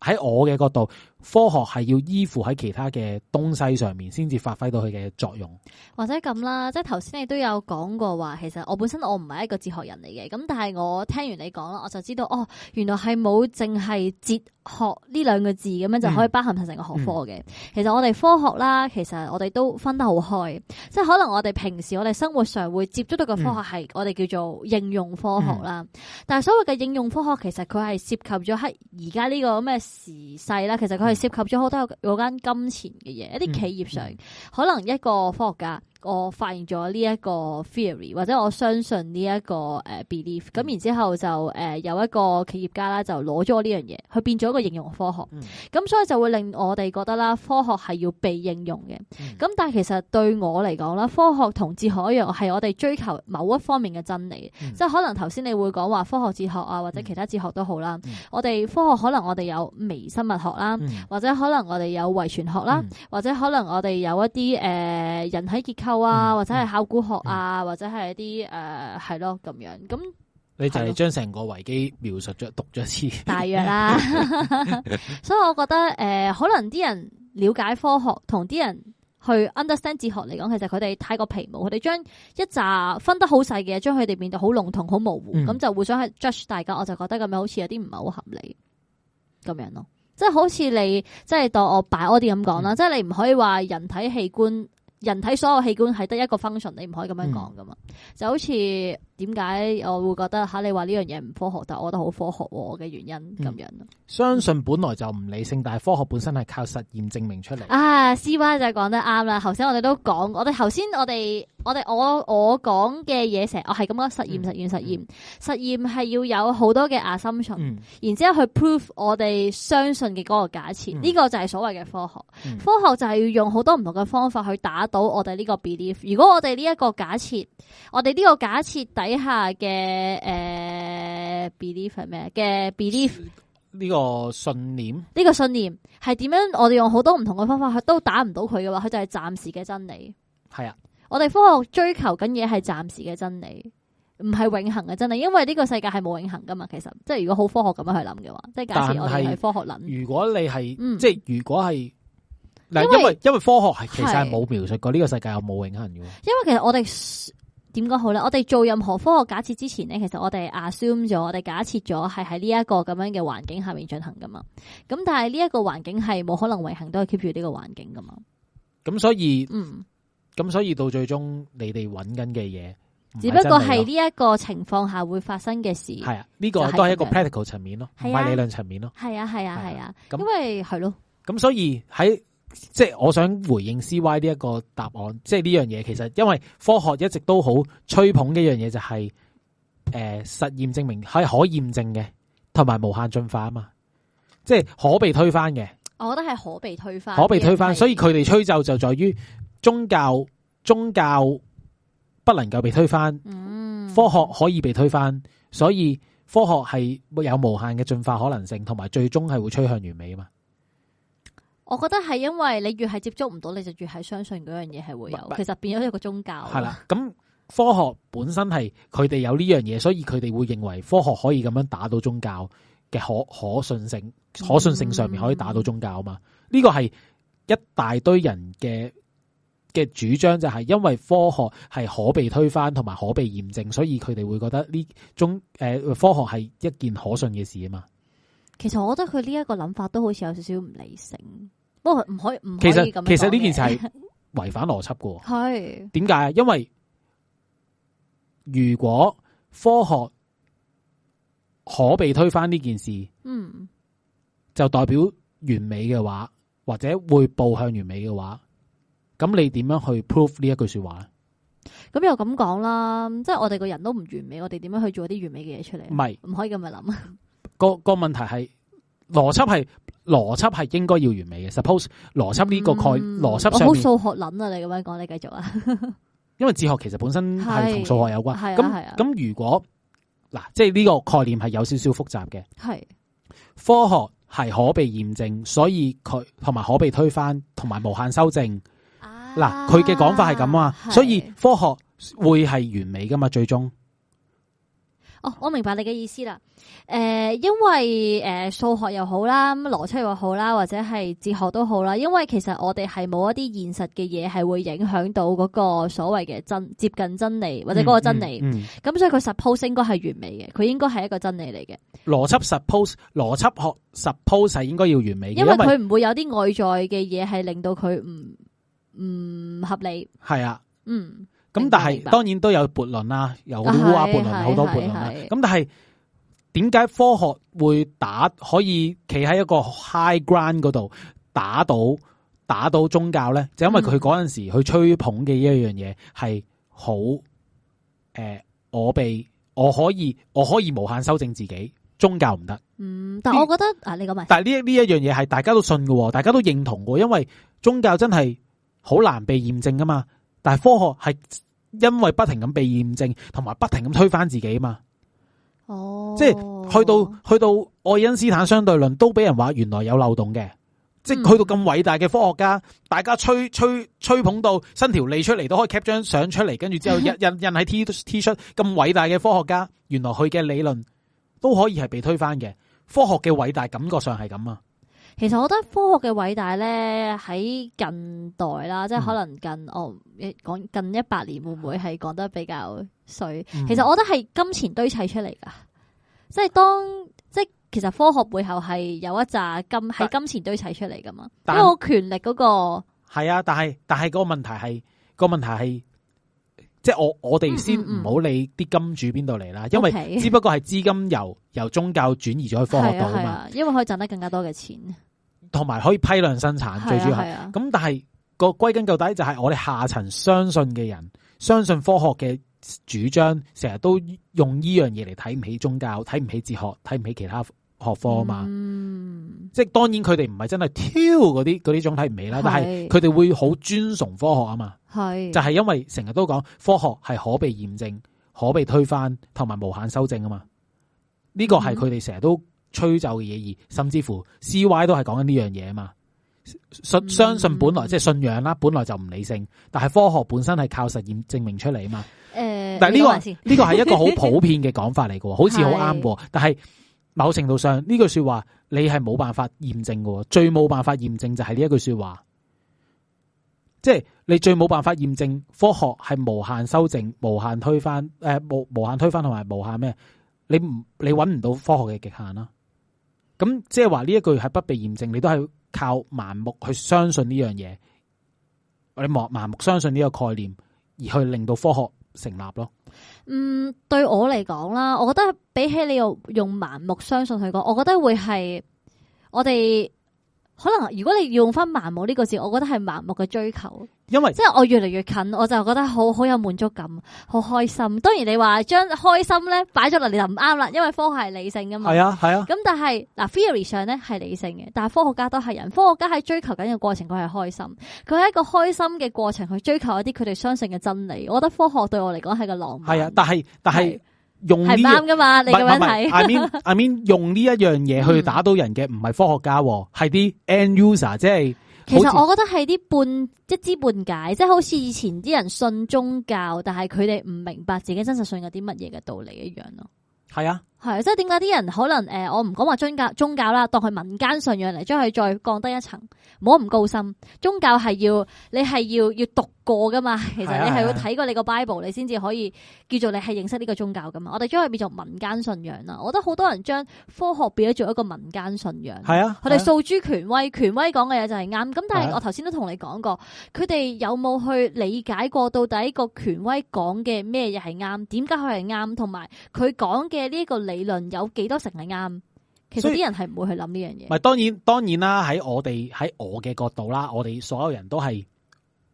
A: 喺我嘅角度。科學係要依附喺其他嘅東西上面，先至發揮到佢嘅作用。
B: 或者咁啦，即係頭先你都有講過話，其實我本身我唔係一個哲學人嚟嘅，咁但係我聽完你講啦，我就知道哦，原來係冇淨係哲學呢兩個字咁樣就可以包含晒成個學科嘅、嗯嗯。其實我哋科學啦，其實我哋都分得好開。即係可能我哋平時我哋生活上會接觸到嘅科學係我哋叫做應用科學啦，嗯嗯、但係所謂嘅應用科學，其實佢係涉及咗喺而家呢個咩時勢啦。其實佢係涉及咗好多有間金錢嘅嘢，一啲企業上，嗯嗯，可能一個科學家。我發現咗呢一個 theory，或者我相信呢一個誒 belief，咁、嗯、然之後就誒有一個企業家啦，就攞咗呢樣嘢，佢變咗一個應用科學，咁、嗯、所以就會令我哋覺得啦，科學係要被應用嘅。咁、嗯、但係其實對我嚟講啦，科學同哲學一樣係我哋追求某一方面嘅真理。嗯、即係可能頭先你會講話科學哲學啊，或者其他哲學都好啦。嗯、我哋科學可能我哋有微生物學啦，嗯、或者可能我哋有遺傳學啦，嗯、或者可能我哋有一啲誒、呃、人體結構。啊，或者係考古學啊，嗯、或者係啲誒係咯咁樣咁，
A: 你就係將成個維基描述咗咯讀咗一次，大
B: 約啦。 所以我覺得誒、呃，可能啲人了解科學，同啲人去 understand 哲學嚟講，其實佢哋太過皮毛，佢哋將一扎分得好細嘅，將佢哋變到好籠統、好模糊，咁、嗯、就互相去 judge 大家，我就覺得咁樣好似有啲唔係好合理咁樣咯。即係好似你即係當我擺嗰啲咁講啦，嗯、即係你唔可以話人體器官。人體所有器官係得一個 function，你唔可以咁樣講噶嘛？嗯、就好似點解我會覺得吓你話呢樣嘢唔科學，但我覺得好科學嘅原因咁樣、
A: 嗯。相信本來就唔理性，但係科學本身係靠實驗證明出嚟。啊
B: ，C Y 就係講得啱啦。頭先我哋都講，我哋頭先我哋。我哋我我講嘅嘢成日，我係咁樣實驗、嗯、實驗實驗、嗯、實驗係要有好多嘅 assumption，、嗯、然之後去 proof 我哋相信嘅嗰個假設，呢、嗯、個就係所謂嘅科學。嗯、科學就係要用好多唔同嘅方法去打倒我哋呢個 belief。如果我哋呢一個假設，我哋呢個假設底下嘅誒、呃、belief 係咩嘅 belief
A: 呢個信念？
B: 呢個信念係點樣？我哋用好多唔同嘅方法去都打唔到佢嘅話，佢就係暫時嘅真理。係啊。我哋科學追求緊嘢係暫時嘅真理，唔係永恒嘅真理，因為呢個世界係冇永恒噶嘛。其實，即係如果好科學咁樣去諗嘅話，即係假設我哋係科學諗。但係
A: 如果你係，嗯、即係如果係，嗱，因為因為，因為科學係其實係冇描述過呢係個世界有冇永恒嘅。
B: 因為其實我哋點講好咧？我哋做任何科學假設之前咧，其實我哋 assume 咗，我哋假設咗係喺呢一個咁樣嘅環境下面進行噶嘛。咁但係呢一個環境係冇可能永恒都係 keep 住呢個環境噶嘛。
A: 咁所以，嗯。咁所以到最終你哋揾緊嘅嘢，只不過係
B: 呢一個情況下會發生嘅事。係啊，呢、呢個都係一個 practical
A: 層面咯，唔係理論層面咯。
B: 係啊，係啊，係啊，因為係咯。
A: 咁所以喺即係我想回應 CY 呢一個答案，即係呢樣嘢其實因為科學一直都好吹捧嘅一樣嘢就係、是、誒、呃、實驗證明係可驗證嘅，同埋無限進化啊嘛，即係可被推翻嘅。
B: 我覺得係可被推翻，可被推翻。就是、所
A: 以佢哋吹就就在於。宗教宗教不能夠被推翻，嗯、科學可以被推翻，所以科學係有無限嘅進化可能性，同埋最終係會趨向完美啊嘛。
B: 我覺得係因為你越係接觸唔到，你就越係相信嗰樣嘢係會有，其實變咗一個宗教。係啦，
A: 咁科學本身係佢哋有呢樣嘢，所以佢哋會認為科學可以咁樣打到宗教嘅可可信性、可信性上面可以打到宗教啊嘛。呢個係一大堆人嘅，嘅主張就係因為科學係可被推翻同埋可被驗證，所以佢哋會覺得呢種誒科學係一件可信嘅事啊嘛。
B: 其實我覺得佢呢一個諗法都好似有少少唔理性，不過唔可以唔可以咁。其實呢件事係
A: 違反邏輯噶。係點解？因為如果科學可被推翻呢件事，嗯，就代表完美嘅話，或者會步向完美嘅話。咁你點樣去 prove 呢一句說話
B: 咧？咁又咁講啦，即係我哋個人都唔完美，我哋點樣去做啲完美嘅嘢出嚟？唔係唔可以咁樣諗啊？
A: 個個問題係邏輯，係邏輯係應該要完美嘅。Suppose 邏輯呢個概邏輯，嗯、我好數
B: 學諗啊！你咁樣講，你繼續啊？
A: 因為哲學其實本身係同數學有關，係係啊。咁那、啊、如果嗱，即係呢個概念係有少少複雜嘅，
B: 係、啊、
A: 科學係可被驗證，所以佢同埋可被推翻，同埋無限修正。嗱，佢嘅講法係咁啊，所以科學會係完美噶嘛？最終
B: 哦，我明白你嘅意思啦。誒、呃，因為誒、呃、數學又好啦，咁邏輯又好啦，或者係哲學都好啦。因為其實我哋係冇一啲現實嘅嘢係會影響到嗰個所謂嘅真接近真理或者嗰個真理。咁、嗯嗯嗯、所以佢 suppose 應該係完美嘅，佢應該係一個真理嚟嘅。
A: 邏輯 suppose，邏輯學 suppose 係應該要完美嘅，因為佢唔
B: 會有啲外在嘅嘢係令到佢唔。唔、嗯、合理係啊，嗯，
A: 咁但係是當然都有悖論啦，有好是多烏鴉悖論，好多悖論啦。咁但係點解科學會打可以企喺一個 high ground 嗰度打到打到宗教咧？就是、因為佢嗰陣時去吹捧嘅一樣嘢係好誒，我被我可以我可以無限修正自己，宗教唔得。
B: 嗯，但我覺得這啊，你講埋，但
A: 係呢呢一樣嘢係大家都信嘅，大家都認同嘅，因為宗教真係。好難被驗證噶嘛，但係科學係因為不停咁被驗證，同埋不停咁推翻自己嘛。
B: 哦，即係
A: 去到去到愛因斯坦相對論都俾人話原來有漏洞嘅，即係、嗯、去到咁偉大嘅科學家，大家吹吹吹捧到伸條脷出嚟都可以 cap 張相出嚟，跟住之後印印印喺 T T 恤，咁偉大嘅科學家，原來佢嘅理論都可以係被推翻嘅。科學嘅偉大感覺上係咁啊。
B: 其實我覺得科學嘅偉大咧，喺近代啦，即係可能近我講、嗯哦、近一百年，會唔會係講得比較衰？嗯、其實我覺得係金錢堆砌出嚟噶，即係當即其實科學背後係有一紮金，係但金錢堆砌出嚟噶嘛，因為我權力嗰個
A: 係啊，但係但係嗰個問題係、嗰個問題係。即係我我哋先唔好理啲金主邊度嚟啦，因為只不過係資金由由宗教轉移咗去科學度啊嘛，嗯嗯嗯、
B: 因為可以賺得更加多嘅錢，
A: 同埋可以批量生產，嗯、最主要係咁。嗯嗯、但係個歸根究底就係我哋下層相信嘅人，相信科學嘅主張，成日都用呢樣嘢嚟睇唔起宗教，睇唔起哲學，睇唔起其他學科啊嘛，嗯、即係當然佢哋唔係真係挑嗰啲嗰啲種睇唔起啦，是但係佢哋會好尊崇科學啊嘛，係是就係因為成日都講科學係可被驗證、可被推翻同埋無限修正啊嘛，呢個係佢哋成日都吹走嘅嘢而，甚至乎 C Y 都係講緊呢樣嘢啊嘛，信相信本來即係、嗯、信仰啦，本來就唔理性，但係科學本身係靠實驗證明出嚟啊嘛，
B: 誒、呃，但係、這、呢個呢個係一個好普
A: 遍嘅講法嚟㗎。 好似好啱，是但係。某程度上呢句說話，你係冇辦法驗證嘅，最冇辦法驗證就係呢一句說話。即係你最冇辦法驗證科學係無限修正、無限推翻，誒、呃、無無限推翻同埋無限咩？你唔你搵唔到科學嘅極限啦。咁即係話呢一句係不被驗證，你都係靠盲目去相信呢樣嘢，你盲盲目相信呢個概念而去令到科學。成立咯，
B: 嗯，對我嚟講啦，我覺得比起你用用盲目相信去講，我覺得會係我哋。可能如果你用翻盲目呢個字，我覺得係盲目嘅追求。因為即係我越嚟越近，我就覺得好好有滿足感，好開心。當然你話將開心咧擺咗落嚟就唔啱啦，因為科學係理性噶嘛。係啊係啊係。咁但係嗱，theory 上咧係理性嘅，但係科學家都係人，科學家喺追求緊嘅過程佢係開心，佢係一個開心嘅過程去追求一啲佢哋相信嘅真理。我覺得科學對我嚟講係個浪
A: 漫。係啊，但係但係。係用係啱噶嘛？你咁樣睇，I mean, I mean, 用呢一樣嘢去打到人嘅唔係科學家，係啲、嗯、end user，即係其
B: 實好像 我覺得係啲半一知半解，即係好似以前啲人信宗教，但係佢哋唔明白自己真實信有啲乜嘢嘅道理一樣咯。係啊。係，即係點解啲人可能誒、呃，我唔講話宗教宗教啦，當佢民間信仰嚟，將佢再降低一層，唔好唔高深。宗教係要你係要要讀過噶嘛，其實你係要睇過你個 Bible，你先至可以叫做你係認識呢個宗教噶嘛。我哋將佢變成民間信仰啦，我覺得好多人將科學變咗做一個民間信仰。係啊，佢哋訴諸權威，權威講嘅嘢就係啱。咁但係我頭先都同你講過，佢哋、啊、有冇去理解過到底個權威講嘅咩嘢係啱，點解佢係啱，同埋佢講嘅呢個理理論有幾多成係啱？其實啲人係唔會去諗呢樣嘢。咪
A: 當然當然啦，喺我哋喺我嘅角度啦，我哋所有人都係。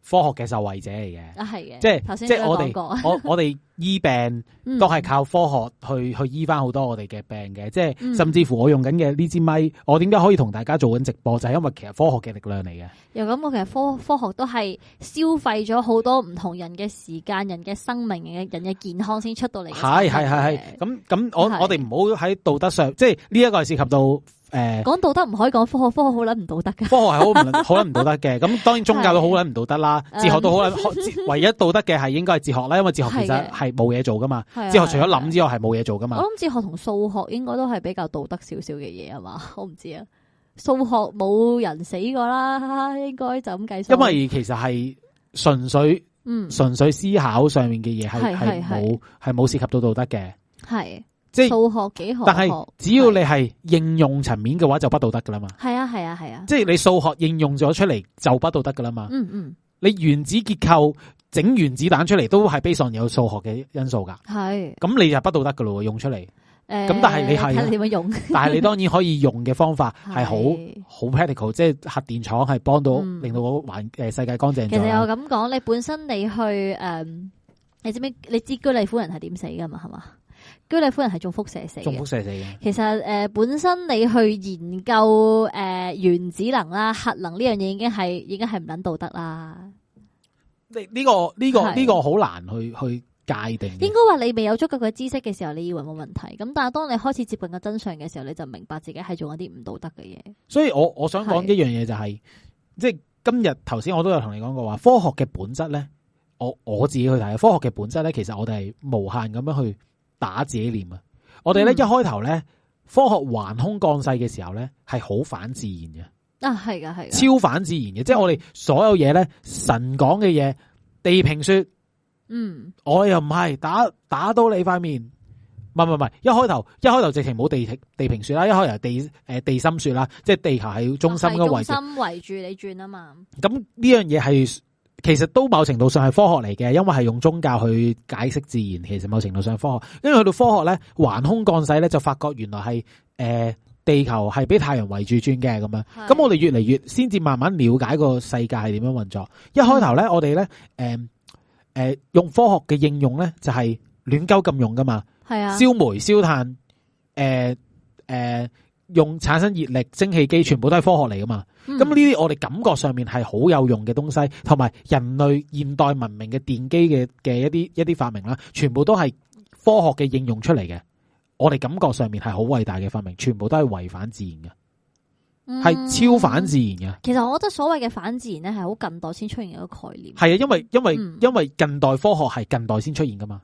A: 科學嘅受惠者嚟嘅，啊、係嘅，
B: 即係頭先，即係我哋 我
A: 我哋醫病都係靠科學去去醫翻好多我哋嘅病嘅。嗯、即係甚至乎我用緊嘅呢支咪，我點解可以同大家做緊直播，就係、是、因為其實科學嘅力量嚟嘅。
B: 又咁，我其實科科學都係消費咗好多唔同人嘅時間、人嘅生命、人嘅健康先出到嚟。係係
A: 係係，咁咁我我哋唔好喺道德上，係嘅，即係呢一個係涉及到。誒，講
B: 道德唔可以講科學，科學好諗唔道德嘅，科學係好好諗唔
A: 道德嘅。咁 當然宗教都好諗唔道德啦，哲是學都好諗。 唯一道德嘅係應該係哲學啦，因為哲學其實係冇嘢做噶嘛。哲的學除咗諗之外係冇嘢做噶嘛。我諗
B: 哲學同數學應該都係比較道德少少嘅嘢啊嘛，我唔知啊。數學冇人死過啦，應該就咁計數。因為
A: 其實係純粹，
B: 嗯，純
A: 粹思考上面嘅嘢係係冇係冇涉及到道德嘅，
B: 係。即係數學幾好，但係
A: 只要你係應用層面嘅話，就不道德噶啦嘛。
B: 係啊係啊係啊，
A: 即係你數學應用咗出嚟，就不道德噶啦嘛嗯。嗯
B: 嗯，
A: 你原子結構整原子彈出嚟都係 base on 有數學嘅因素噶。係的，咁你就不道德噶咯，用出嚟。誒、
B: 呃，咁但係你係，你點樣用，但係你當
A: 然可以用嘅方法係好好 practical 即係核電廠係幫到、嗯、令到個環誒世界乾淨。其實我
B: 咁講，你本身你去誒、嗯，你知唔知你知居里夫人係點死噶嘛？係嘛？居里夫人係中輻射死，中輻射死嘅。其實誒，本身你去研究誒原子能啦、核能呢樣嘢，已經係已經係唔諗道德啦、呢
A: 個。你、呢、呢個呢是 個呢個好難去去界定。應
B: 該話你未有足夠嘅知識嘅時候，你以為冇問題。咁但係當你開始接近個真相嘅時候，你就明白自己係做一啲唔道德嘅嘢。
A: 所以我，我我想講一樣嘢就係、是，是 即係今日頭先我都有同你講過話，科學嘅本質咧，我我自己去睇，科學嘅本質咧，其實我哋係無限咁樣去。打自己念啊！
B: 我哋咧，一開頭
A: 咧，科學橫空降世嘅時候咧，係好反自然
B: 嘅。啊，係噶，係噶，超
A: 反自然嘅，嗯、即係我哋所有嘢咧，神講嘅嘢，地平說。
B: 嗯，
A: 我又唔係打打到你塊面，唔係唔係唔係，一開頭一開頭直情冇地地平說啦，一開頭地誒地心說啦，即係地球喺中心嘅位置，
B: 中心圍住你轉啊嘛。
A: 咁呢樣嘢係。其實都某程度上係科學嚟嘅，因為係用宗教去解釋自然，其實某程度上係科學。因為去到科學咧，橫空出世咧，就發覺原來係誒、呃、地球係俾太陽圍住轉嘅咁樣。咁的我哋越嚟越先至慢慢了解個世界係點樣運作。的一開頭咧，我哋咧誒誒用科學嘅應用咧就係亂鳩禁用噶嘛，係啊的，燒煤燒炭，誒、呃、誒、呃、用產生熱力蒸汽機，全部都係科學嚟噶嘛。咁呢啲我哋感覺上面係好有用嘅東西，同埋人類現代文明嘅奠基嘅嘅一啲一啲發明啦，全部都係科學嘅應用出嚟嘅。我哋感覺上面係好偉大嘅發明，全部都係違反自然嘅，
B: 係、嗯、超
A: 反自然
B: 嘅。其實我覺得所謂嘅反自然咧，係好近代先出現一個概念。
A: 係啊，因為因為、嗯、因為近代科學係近代先出現噶嘛。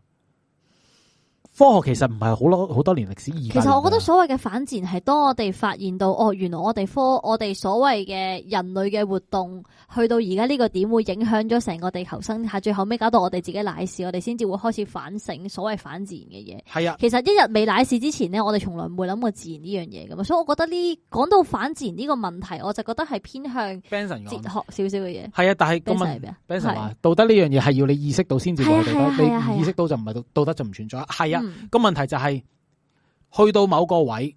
A: 科學其實唔係好多好多年歷史
B: 意義，其實我覺得所謂嘅反自然係當我哋發現到哦，原來我哋科我哋所謂嘅人類嘅活動去到而家呢個點會影響咗成個地球生態，最後尾搞到我哋自己瀨屎，我哋先至會開始反省所謂反自然嘅嘢。係啊，其實一日未瀨屎之前呢，我哋從來冇會諗過自然呢樣嘢㗎嘛。所以我覺得呢，講到反自然呢個問題，我就覺得係偏向哲學少少嘅嘢。係
A: 啊，但係、啊、道德呢樣嘢係要你意識到先至係，你唔意識到就唔係道德就唔存在。係啊。個、嗯、問題就係、是、去到某個位，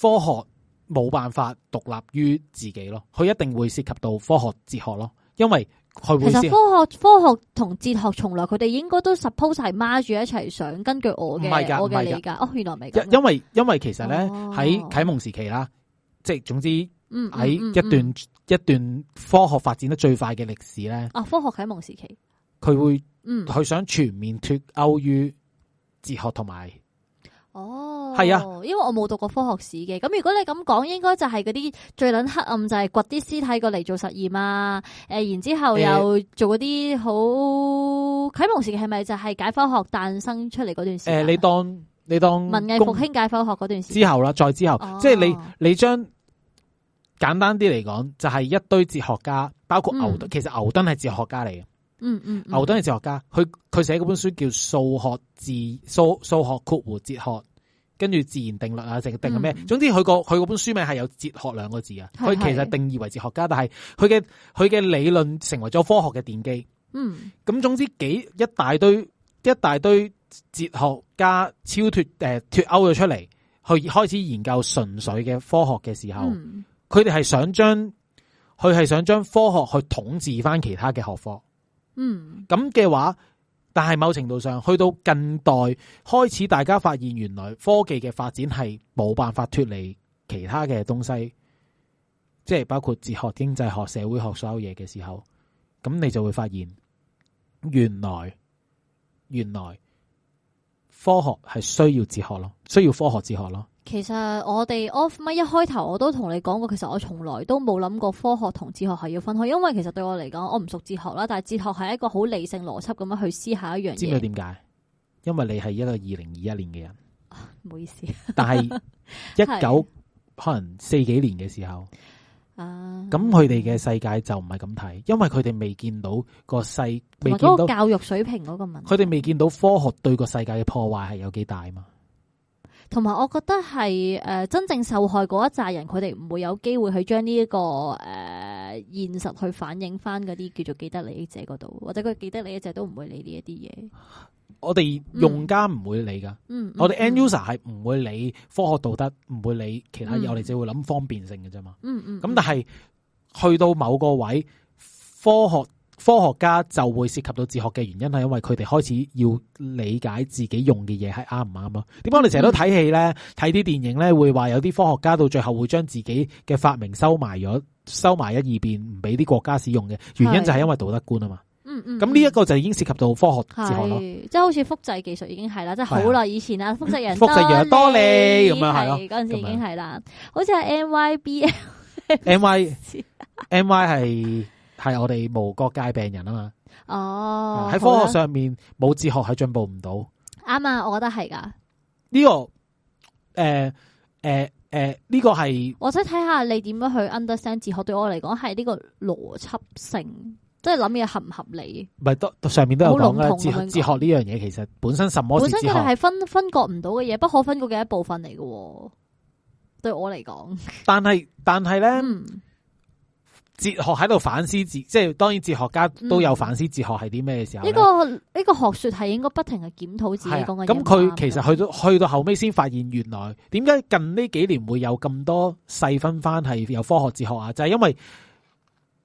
A: 科學冇辦法獨立於自己咯，佢一定會涉及到科學哲學咯，因為佢其實科
B: 學科學同哲學從來佢哋應該都 suppose 係孖住一齊想根據我嘅我嘅理解，哦，原來唔係，
A: 因為因為其實咧喺啟蒙時期啦，即係總之，
B: 喺一段，、嗯嗯嗯、一，段
A: 一段科學發展得最快嘅歷史咧，
B: 啊，科學啟蒙時期，
A: 佢會嗯，佢想全面脫歐於。哲學同埋，
B: 哦，係啊，因為我冇讀過科學史嘅，咁如果你咁講，應該就係嗰啲最捻黑暗，就係掘啲屍體過嚟做實驗啊，誒、呃，然之後又做嗰啲好啟蒙時期，係咪就係解剖學誕生出嚟嗰段時間？
A: 誒、呃，你當，你當文藝復興
B: 解剖學嗰段時間之後
A: 啦，再之後，哦、即係你，你將簡單啲嚟講，就係、是、一堆哲學家，包括牛，頓、嗯、其實牛頓係哲學家嚟嘅。嗯嗯，嗯嗯牛頓係哲學家，佢佢寫嗰本書叫《數學自數數學括弧哲學》，跟住自然定律啊，定定係咩？嗯，總之佢個佢嗰本書名係有哲學兩個字啊。佢是其實定義為哲學家，但係佢嘅佢嘅理論成為咗科學嘅奠基。嗯，咁總之幾一大堆一大堆哲學家超脱誒脱歐咗出嚟，去開始研究純粹嘅科學嘅時候，佢哋係想將佢係想將科學去統治返其他嘅學科。嗯，咁嘅話，但係某程度上，去到近代開始，大家發現原來科技嘅發展係冇辦法脫離其他嘅東西，即係包括哲學、經濟學、社會學所有嘢嘅時候，咁你就會發現，原來原來科學係需要哲學咯，需要科學哲學咯。
B: 其實我哋 off 一開頭我都同你講過，其實我從來都冇諗過科學同哲學係要分開，因為其實對我嚟講，我唔熟哲學啦，但係哲學係一個好理性邏輯咁樣去思考一樣嘢。知唔知
A: 點解？因為你係一個二零二一年嘅人，
B: 啊、唔好意思。 但係一九
A: 可能四幾年嘅時候，
B: 咁
A: 佢哋嘅世界就唔係咁睇，因為佢哋未見到個世，未見到個教
B: 育水平嗰個問題，
A: 佢哋未見到科學對個世界嘅破壞係有幾大嘛。
B: 同埋，我覺得係真正受害嗰一紮人，佢哋唔會有機會去將呢、這、一個誒、呃、現實去反映翻嗰啲叫做既得利益者嗰度，或者佢既得利益者都唔會理呢一啲嘢。
A: 我哋用家唔會理㗎、嗯，嗯，嗯我哋 end user 係唔會理科學道德，唔會、嗯嗯、理其他嘢，我哋只會諗方便性嘅啫嘛。嗯嗯。咁但係去到某個位，科學。科學家就會涉及到哲學嘅原因係因為佢哋開始要理解自己用嘅嘢係啱唔啱啊？點解我哋成日都睇戲咧？睇啲電影咧、嗯、會話有啲科學家到最後會將自己嘅發明收埋咗，收埋一二邊唔俾啲國家使用嘅原因就係因為道德觀啊嘛。嗯
B: 嗯。咁呢一
A: 個就已經涉及到科學
B: 哲學咯。即係好似複製技術已經係啦，即係好耐以前啦，複製人多。複製多呢？咁樣係咯，嗰陣時已經係啦，樣好似係 m Y B m
A: Y N Y 係。係我哋無國界病人啊嘛！
B: 哦，喺科學上
A: 面冇哲學係進步唔到，
B: 啱啊！我覺得係噶
A: 呢個，誒誒誒，呢、呃呃這個係
B: 我想睇下你點樣去 understand 哲學。對我嚟講，係呢個邏輯性，即係諗嘢合唔合理？
A: 唔係，上
B: 面都有講嘅哲哲學
A: 呢樣嘢，其實本身什麼本身佢哋係
B: 分分割唔到嘅嘢，不可分割嘅一部分嚟嘅。對我嚟講，
A: 但係但係咧。嗯哲學喺度反思自，即係當然哲學家都有反思哲學係啲咩嘅時候呢。呢、嗯
B: 這個呢、這個學說係應該不停係檢討自己。咁佢其
A: 實去到去到後尾先發現，原來點解近呢幾年會有咁多細分翻係有科學哲學啊？就係、是、因為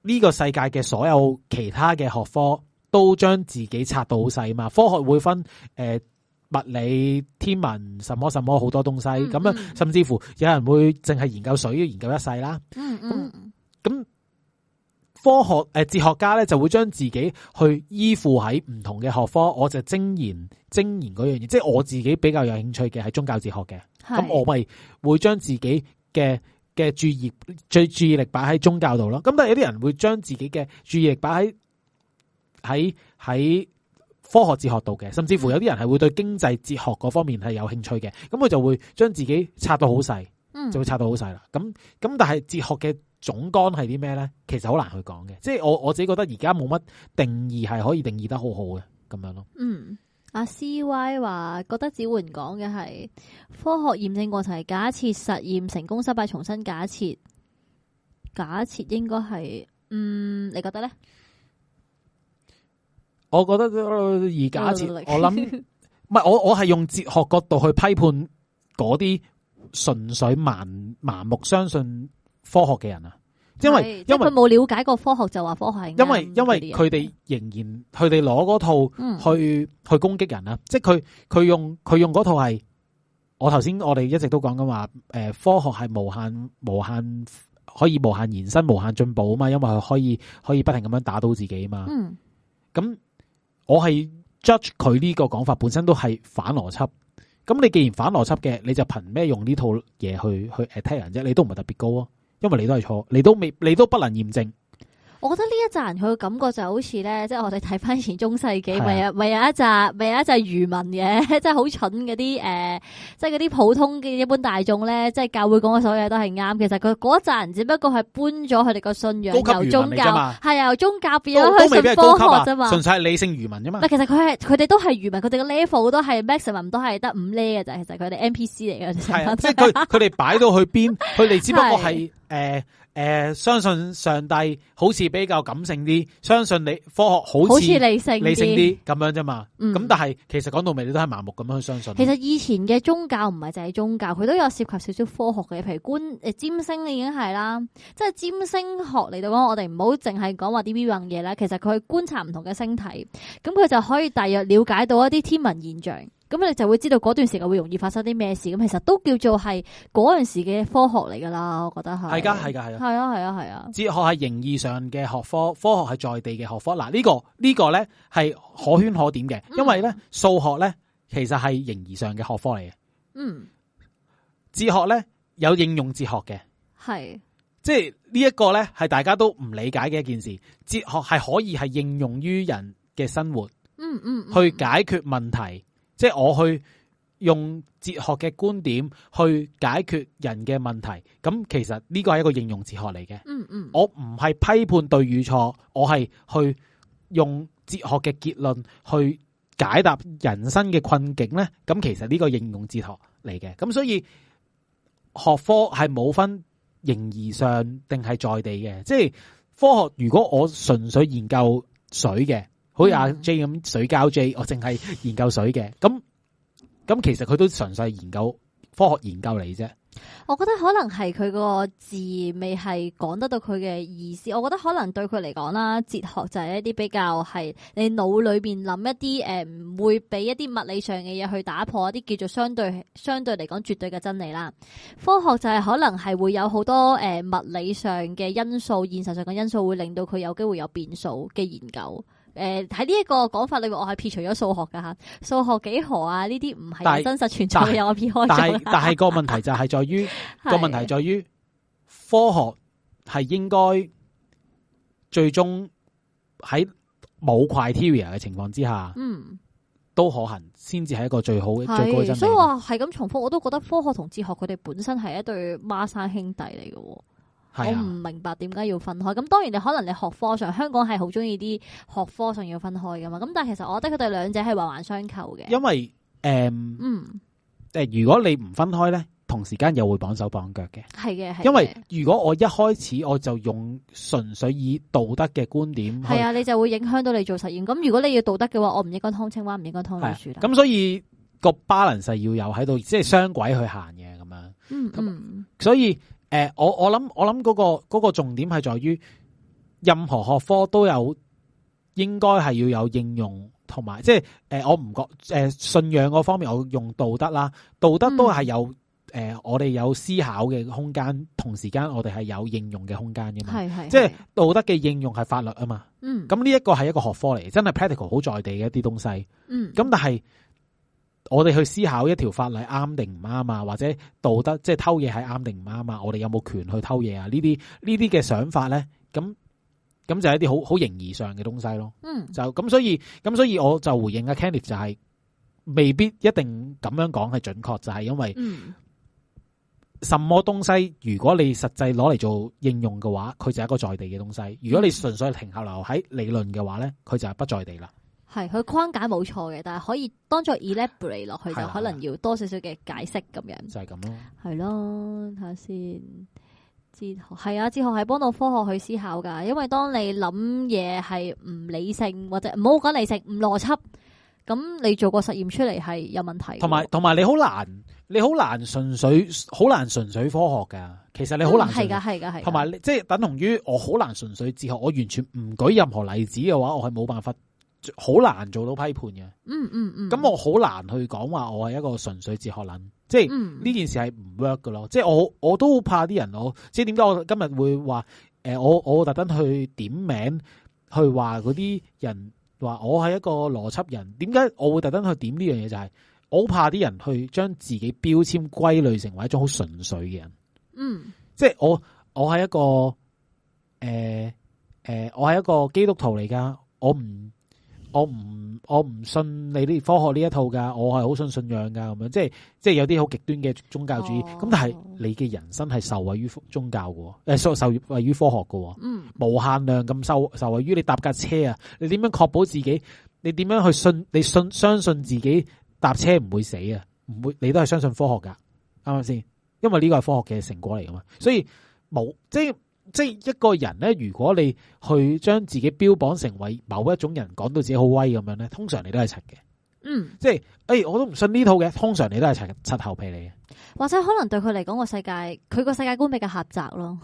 A: 呢個世界嘅所有其他嘅學科都將自己拆到好細嘛。科學會分誒、呃、物理、天文、什麼什麼好多東西咁樣，嗯嗯、甚至乎有人會淨係研究水要研究一世啦。嗯嗯咁。科學誒，哲學家咧就會將自己去依附喺唔同嘅學科，我就精研精研嗰樣嘢，即係我自己比較有興趣嘅係宗教哲學嘅，咁是我咪會將自己嘅嘅注意最注意力擺喺宗教度咯。咁但係有啲人會將自己嘅注意力擺喺喺喺科學哲學度嘅，甚至乎有啲人係會對經濟哲學嗰方面係有興趣嘅，咁佢就會將自己拆到好細，嗯、就會拆到好細啦。咁咁但係哲學嘅。總綱係啲咩咧？其實好難去講嘅，即係我我自己覺得而家冇乜定義係可以定義得好好嘅咁樣咯。
B: 嗯，阿 C Y 話覺得子煥講嘅係科學驗證過程係假設實驗成功失敗重新假設，假設應該係，嗯，你覺得咧？
A: 我覺得而假設我諗，唔係我我係用哲學角度去批判嗰啲純粹盲盲目相信科學嘅人啊，因為
B: 因為佢冇了解過科學就話科學，因為因為
A: 佢哋仍然佢哋攞嗰套去去攻擊人啊，嗯、即係佢佢用佢用嗰套係我頭先我哋一直都講咁話誒，科學係無限無限可以無限延伸、無限進步啊嘛，因為佢可以可以不停咁樣打到自己啊嘛。咁、嗯、我係 judge 佢呢個講法本身都係反邏輯。咁你既然反邏輯嘅，你就憑咩用呢套嘢去去 attack 人啫？你都唔係特別高啊。因為你都係錯，你都未，你都不能驗證。
B: 我覺得呢一紮人佢嘅感覺就好似咧，即、就、係、是、我哋睇翻以前中世紀，未有未有一紮未有一紮愚民嘅、呃，即係好蠢嗰啲誒，即係嗰啲普通嘅一般大眾咧，即係教會講嘅所有嘢都係啱。其實佢嗰一紮人只不過係搬咗佢哋個信仰由宗教，係由宗教變咗去信科學啫嘛，純、啊、粹
A: 係理性愚民啫嘛。
B: 其實佢係佢哋都係愚民，佢哋嘅 level 都係 maximum，都係得五 level 嘅就係其實佢哋 NPC 嚟嘅。 即係佢
A: 佢哋擺到去邊，佢哋 只不過係誒。誒、呃，相信上帝好似比較感性啲，相信你科學好似理性好理性啲咁樣啫嘛。咁、嗯、但係其實講到尾，你都係盲目咁樣去相信。其實
B: 以前嘅宗教唔係淨係宗教，佢都有涉及少少科學嘅，譬如觀誒、呃、占星已經係啦，即係占星學嚟到講，我哋唔好淨係講話啲呢樣嘢啦。其實佢去觀察唔同嘅星體，咁佢就可以大約了解到一啲天文現象。咁你就會知道嗰段時間會容易發生啲咩事。咁其實都叫做係嗰陣時嘅科學嚟噶啦。我覺得係係噶，係噶，係啊，係啊，係啊。哲
A: 學係形而上嘅學科，科學係在地嘅學科。嗱，呢個呢個咧係可圈可點嘅，因為咧數學咧其實係形而上嘅學科嚟嘅。嗯，哲學咧有應用哲學嘅，係的即係呢一個咧係大家都唔理解嘅一件事。哲學係可以係應用於人嘅生活，嗯，
B: 嗯嗯，去
A: 解決問題。即係我去用哲學嘅觀點去解決人嘅問題，咁其實呢個係一個應用哲學嚟嘅。嗯嗯，我唔係批判對與錯，我係去用哲學嘅結論去解答人生嘅困境咧。咁其實呢個應用哲學嚟嘅，咁所以學科係冇分形而上定係在地嘅。即係科學，如果我純粹研究水嘅。好似阿 J 咁水膠 J，我淨係研究水嘅。咁咁，其實佢都純粹研究科學研究嚟啫。
B: 我覺得可能係佢個字未係講得到佢嘅意思。我覺得可能對佢嚟講啦，哲學就係一啲比較係你腦裏邊諗一啲誒，唔會俾一啲物理上嘅嘢去打破一啲叫做相對相對嚟講絕對嘅真理啦。科學就係可能係會有好多誒物理上嘅因素，現實上嘅因素會令到佢有機會有變數嘅研究。誒，喺呢一個講法裏面，我係撇除咗數學噶吓，數學幾何啊呢啲唔係真實存在嘅，但我撇開咗但係但係個問
A: 題就係在於，個 問題在於科學係應該最終喺冇 criteria 嘅情況之下，嗯，都可行先至係一個最好嘅是最高真理。所
B: 以話係咁重複，我都覺得科學同哲學佢哋本身係一對孖生兄弟嚟嘅。是啊，我唔明白點解要分開，咁當然你可能你學科上香港係好中意啲學科上要分開噶嘛咁但係其實我覺得佢哋兩者係環環相扣嘅。
A: 因為誒，呃、嗯，誒，如果你唔分開咧，同時間又會綁手綁腳嘅。
B: 係嘅，係因為
A: 如果我一開始我就用純粹以道德嘅觀點，係
B: 啊，你就會影響到你做實驗。咁如果你要道德嘅話，我唔應該湯青蛙，唔應該湯老
A: 咁，所以個巴 a l 要有喺度，即係雙軌去行嘢咁樣。
B: 咁，嗯嗯、
A: 所以。誒，我我諗我諗嗰個嗰個重點係在於，任何學科都有應該係要有應用同埋，即係誒，我唔覺誒信仰嗰方面我用道德啦，道德都係有誒，嗯，呃，我哋有思考嘅空間，同時間我哋係有應用嘅空間噶嘛，係係係，即係道德嘅應用係法律啊嘛，嗯，咁呢一個係一個學科嚟，真係 practical 好在地嘅一啲東西，嗯，但，咁但係。我哋去思考一條法例啱定唔啱啊，或者道德即係偷嘢係啱定唔啱啊？我哋有冇權去偷嘢啊？呢啲呢啲嘅想法咧，咁咁就係一啲好好形而上嘅東西咯。嗯就，就咁所以咁所以我就回應阿、啊、Kenneth 就係、是、未必一定咁樣講係準確就係、是、因為嗯什麼東西如果你實際攞嚟做應用嘅話，佢就係一個在地嘅東西；如果你純粹停下留喺理論嘅話咧，佢就係不在地啦。
B: 係佢框架冇錯嘅，但係可以當作 elaborate 落去的就可能要多少少嘅解釋咁的樣，就係咁咯。係咯，睇下先。哲學係啊，哲學係幫到科學去思考噶，因為當你諗嘢係唔理性或者唔好講理性唔邏輯，咁你做個實驗出嚟係有問題的。同
A: 埋同埋你好難你好難純粹好難純粹科學噶，其實你好難係噶係噶係。同埋即係等同於我好難純粹哲學，我完全唔舉任何例子嘅話，我係冇辦法。好難做到批判嘅、嗯，嗯嗯嗯，咁我好難去講話我係一個純粹哲學人，即係呢件事係唔 work 㗎咯，即、就、係、是、我我都好怕啲人我，即係點解我今日會話誒、呃、我我特登去點名去話嗰啲人話我係一個邏輯人，點解我會特登去點呢樣嘢就係、是、我好怕啲人去將自己標籤歸類成為一種好純粹嘅人，嗯，即係我我係一個誒誒、呃呃、我係一個基督徒嚟噶，我唔。我唔我唔信你啲科學呢一套噶，我係好信信仰噶咁樣，即係即係有啲好極端嘅宗教主義。咁、哦、但係你嘅人生係受惠於宗教嘅，誒、呃、受受惠於科學嘅，嗯，無限量咁受受，受惠於你搭架車啊！你點樣確保自己？你點樣去信？你信，你信相信自己搭車唔會死啊？唔會你都係相信科學噶，啱唔啱先？因為呢個係科學嘅成果嚟噶嘛，所以冇即係。即係一個人咧，如果你去將自己標榜成為某一種人，講到自己好威咁樣咧，通常你都係柒嘅。嗯，即係，誒、哎，我都唔信呢套嘅。通常你都係擦擦頭皮嚟嘅，
B: 或者可能對佢嚟講個世界，佢個世界觀比較狹窄咯。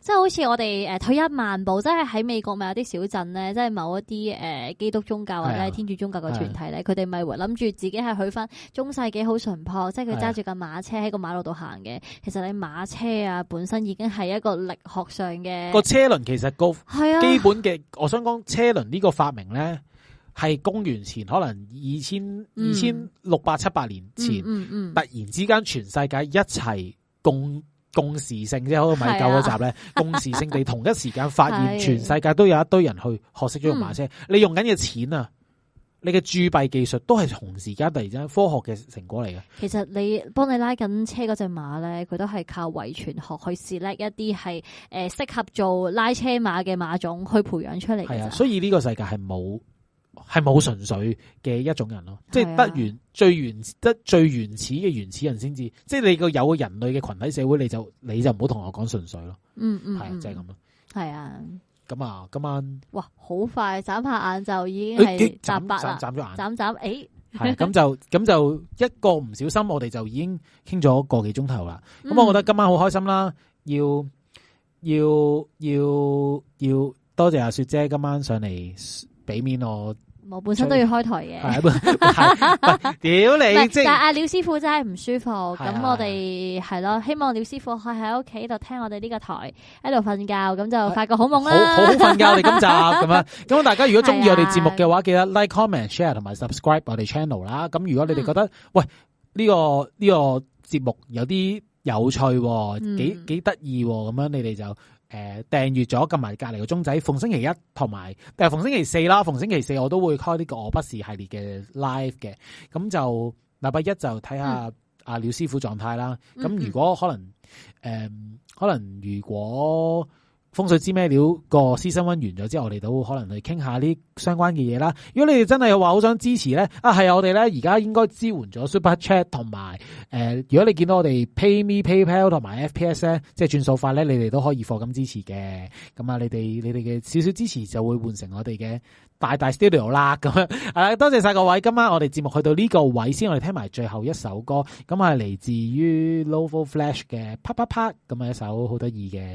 B: 即 係好似我哋誒退一萬步，即係喺美國咪有啲小鎮咧，即、就、係、是、某一啲誒、呃、基督宗教或者天主宗教嘅團體咧，佢哋咪會諗住自己係去翻中世紀好淳樸，即係佢揸住架馬車喺個馬路度行嘅。的其實你馬車啊，本身已經係一個力學上嘅個
A: 車輪，其實高的基本嘅，我想講車輪呢個發明咧。係公元前可能二千二千六百七百年前，嗯嗯嗯嗯、突然之間全世界一齊共共時性，即係好似米九嗰集咧，是啊、共時性地同一時間發現全世界都有一堆人去學識咗用馬車，嗯、你用緊嘅錢啊，你嘅鑄幣技術都係同時間突然間科學嘅成果嚟
B: 嘅。其實你幫你拉緊車嗰隻馬咧，佢都係靠遺傳學去試叻一啲係誒適合做拉車馬嘅馬種去培養出嚟。係啊，所
A: 以呢個世界係冇。係冇純粹嘅一種人咯，啊、即係得原最原得最原始嘅原始人先至，即係你個有個人類嘅群體社會，你就你就唔好同我講純粹咯、
B: 嗯。嗯嗯，係即係咁咯。係、
A: 就係、啊，咁啊，今晚
B: 哇，好快眨下眼就已經係、哎、眨眨眨咗眼，眨眨，誒，係咁、欸啊、就
A: 咁就一個唔小心，我哋就已經傾咗個幾鐘頭啦。咁、嗯、我覺得今晚好開心啦，要要要要，要多謝阿雪姐今晚上嚟。俾面我，
B: 我本身都要開台嘅。屌你！對
A: 對對但，就是、但阿
B: 廖師傅真係唔舒服，咁我哋係咯，希望廖師傅可喺屋企度聽我哋呢個台，喺度瞓覺，咁就發個好夢啦。好好瞓覺，你今集咁樣。咁大家如果中意我哋節目
A: 嘅話，記得 like comment, share、comment、share 同埋 subscribe 我哋 channel 啦。咁如果你哋覺得、嗯、喂呢、個呢、個節目有啲有趣，幾幾得意咁樣，你哋就。誒、呃，訂閱咗撳埋隔離個鐘仔，逢星期一同埋誒逢星期四啦，逢星期四我都會開啲、呢個我不是系列嘅 live 嘅，咁就禮拜一就睇下阿廖師傅狀態啦。咁如果可能，誒、嗯哼呃、可能如果。風水知咩料？個私生溫完咗之後，我哋都可能去傾下啲相關嘅嘢啦。如果你哋真係話好想支持咧，啊係啊，我哋咧而家應該支援咗 Super Chat 同埋、呃、如果你見到我哋 Pay Me PayPal 同埋 FPS 咧，即係轉數快咧，你哋都可以課金支持嘅。咁啊，你哋你哋嘅少少支持就會換成我哋嘅大大 Studio 啦。咁 啊，啦，多謝晒各位。今晚我哋節目去到呢個位先，我哋聽埋最後一首歌。咁啊，嚟自於 Lofo、no、Flash 嘅啪啪啪，咁啊一首好得意嘅。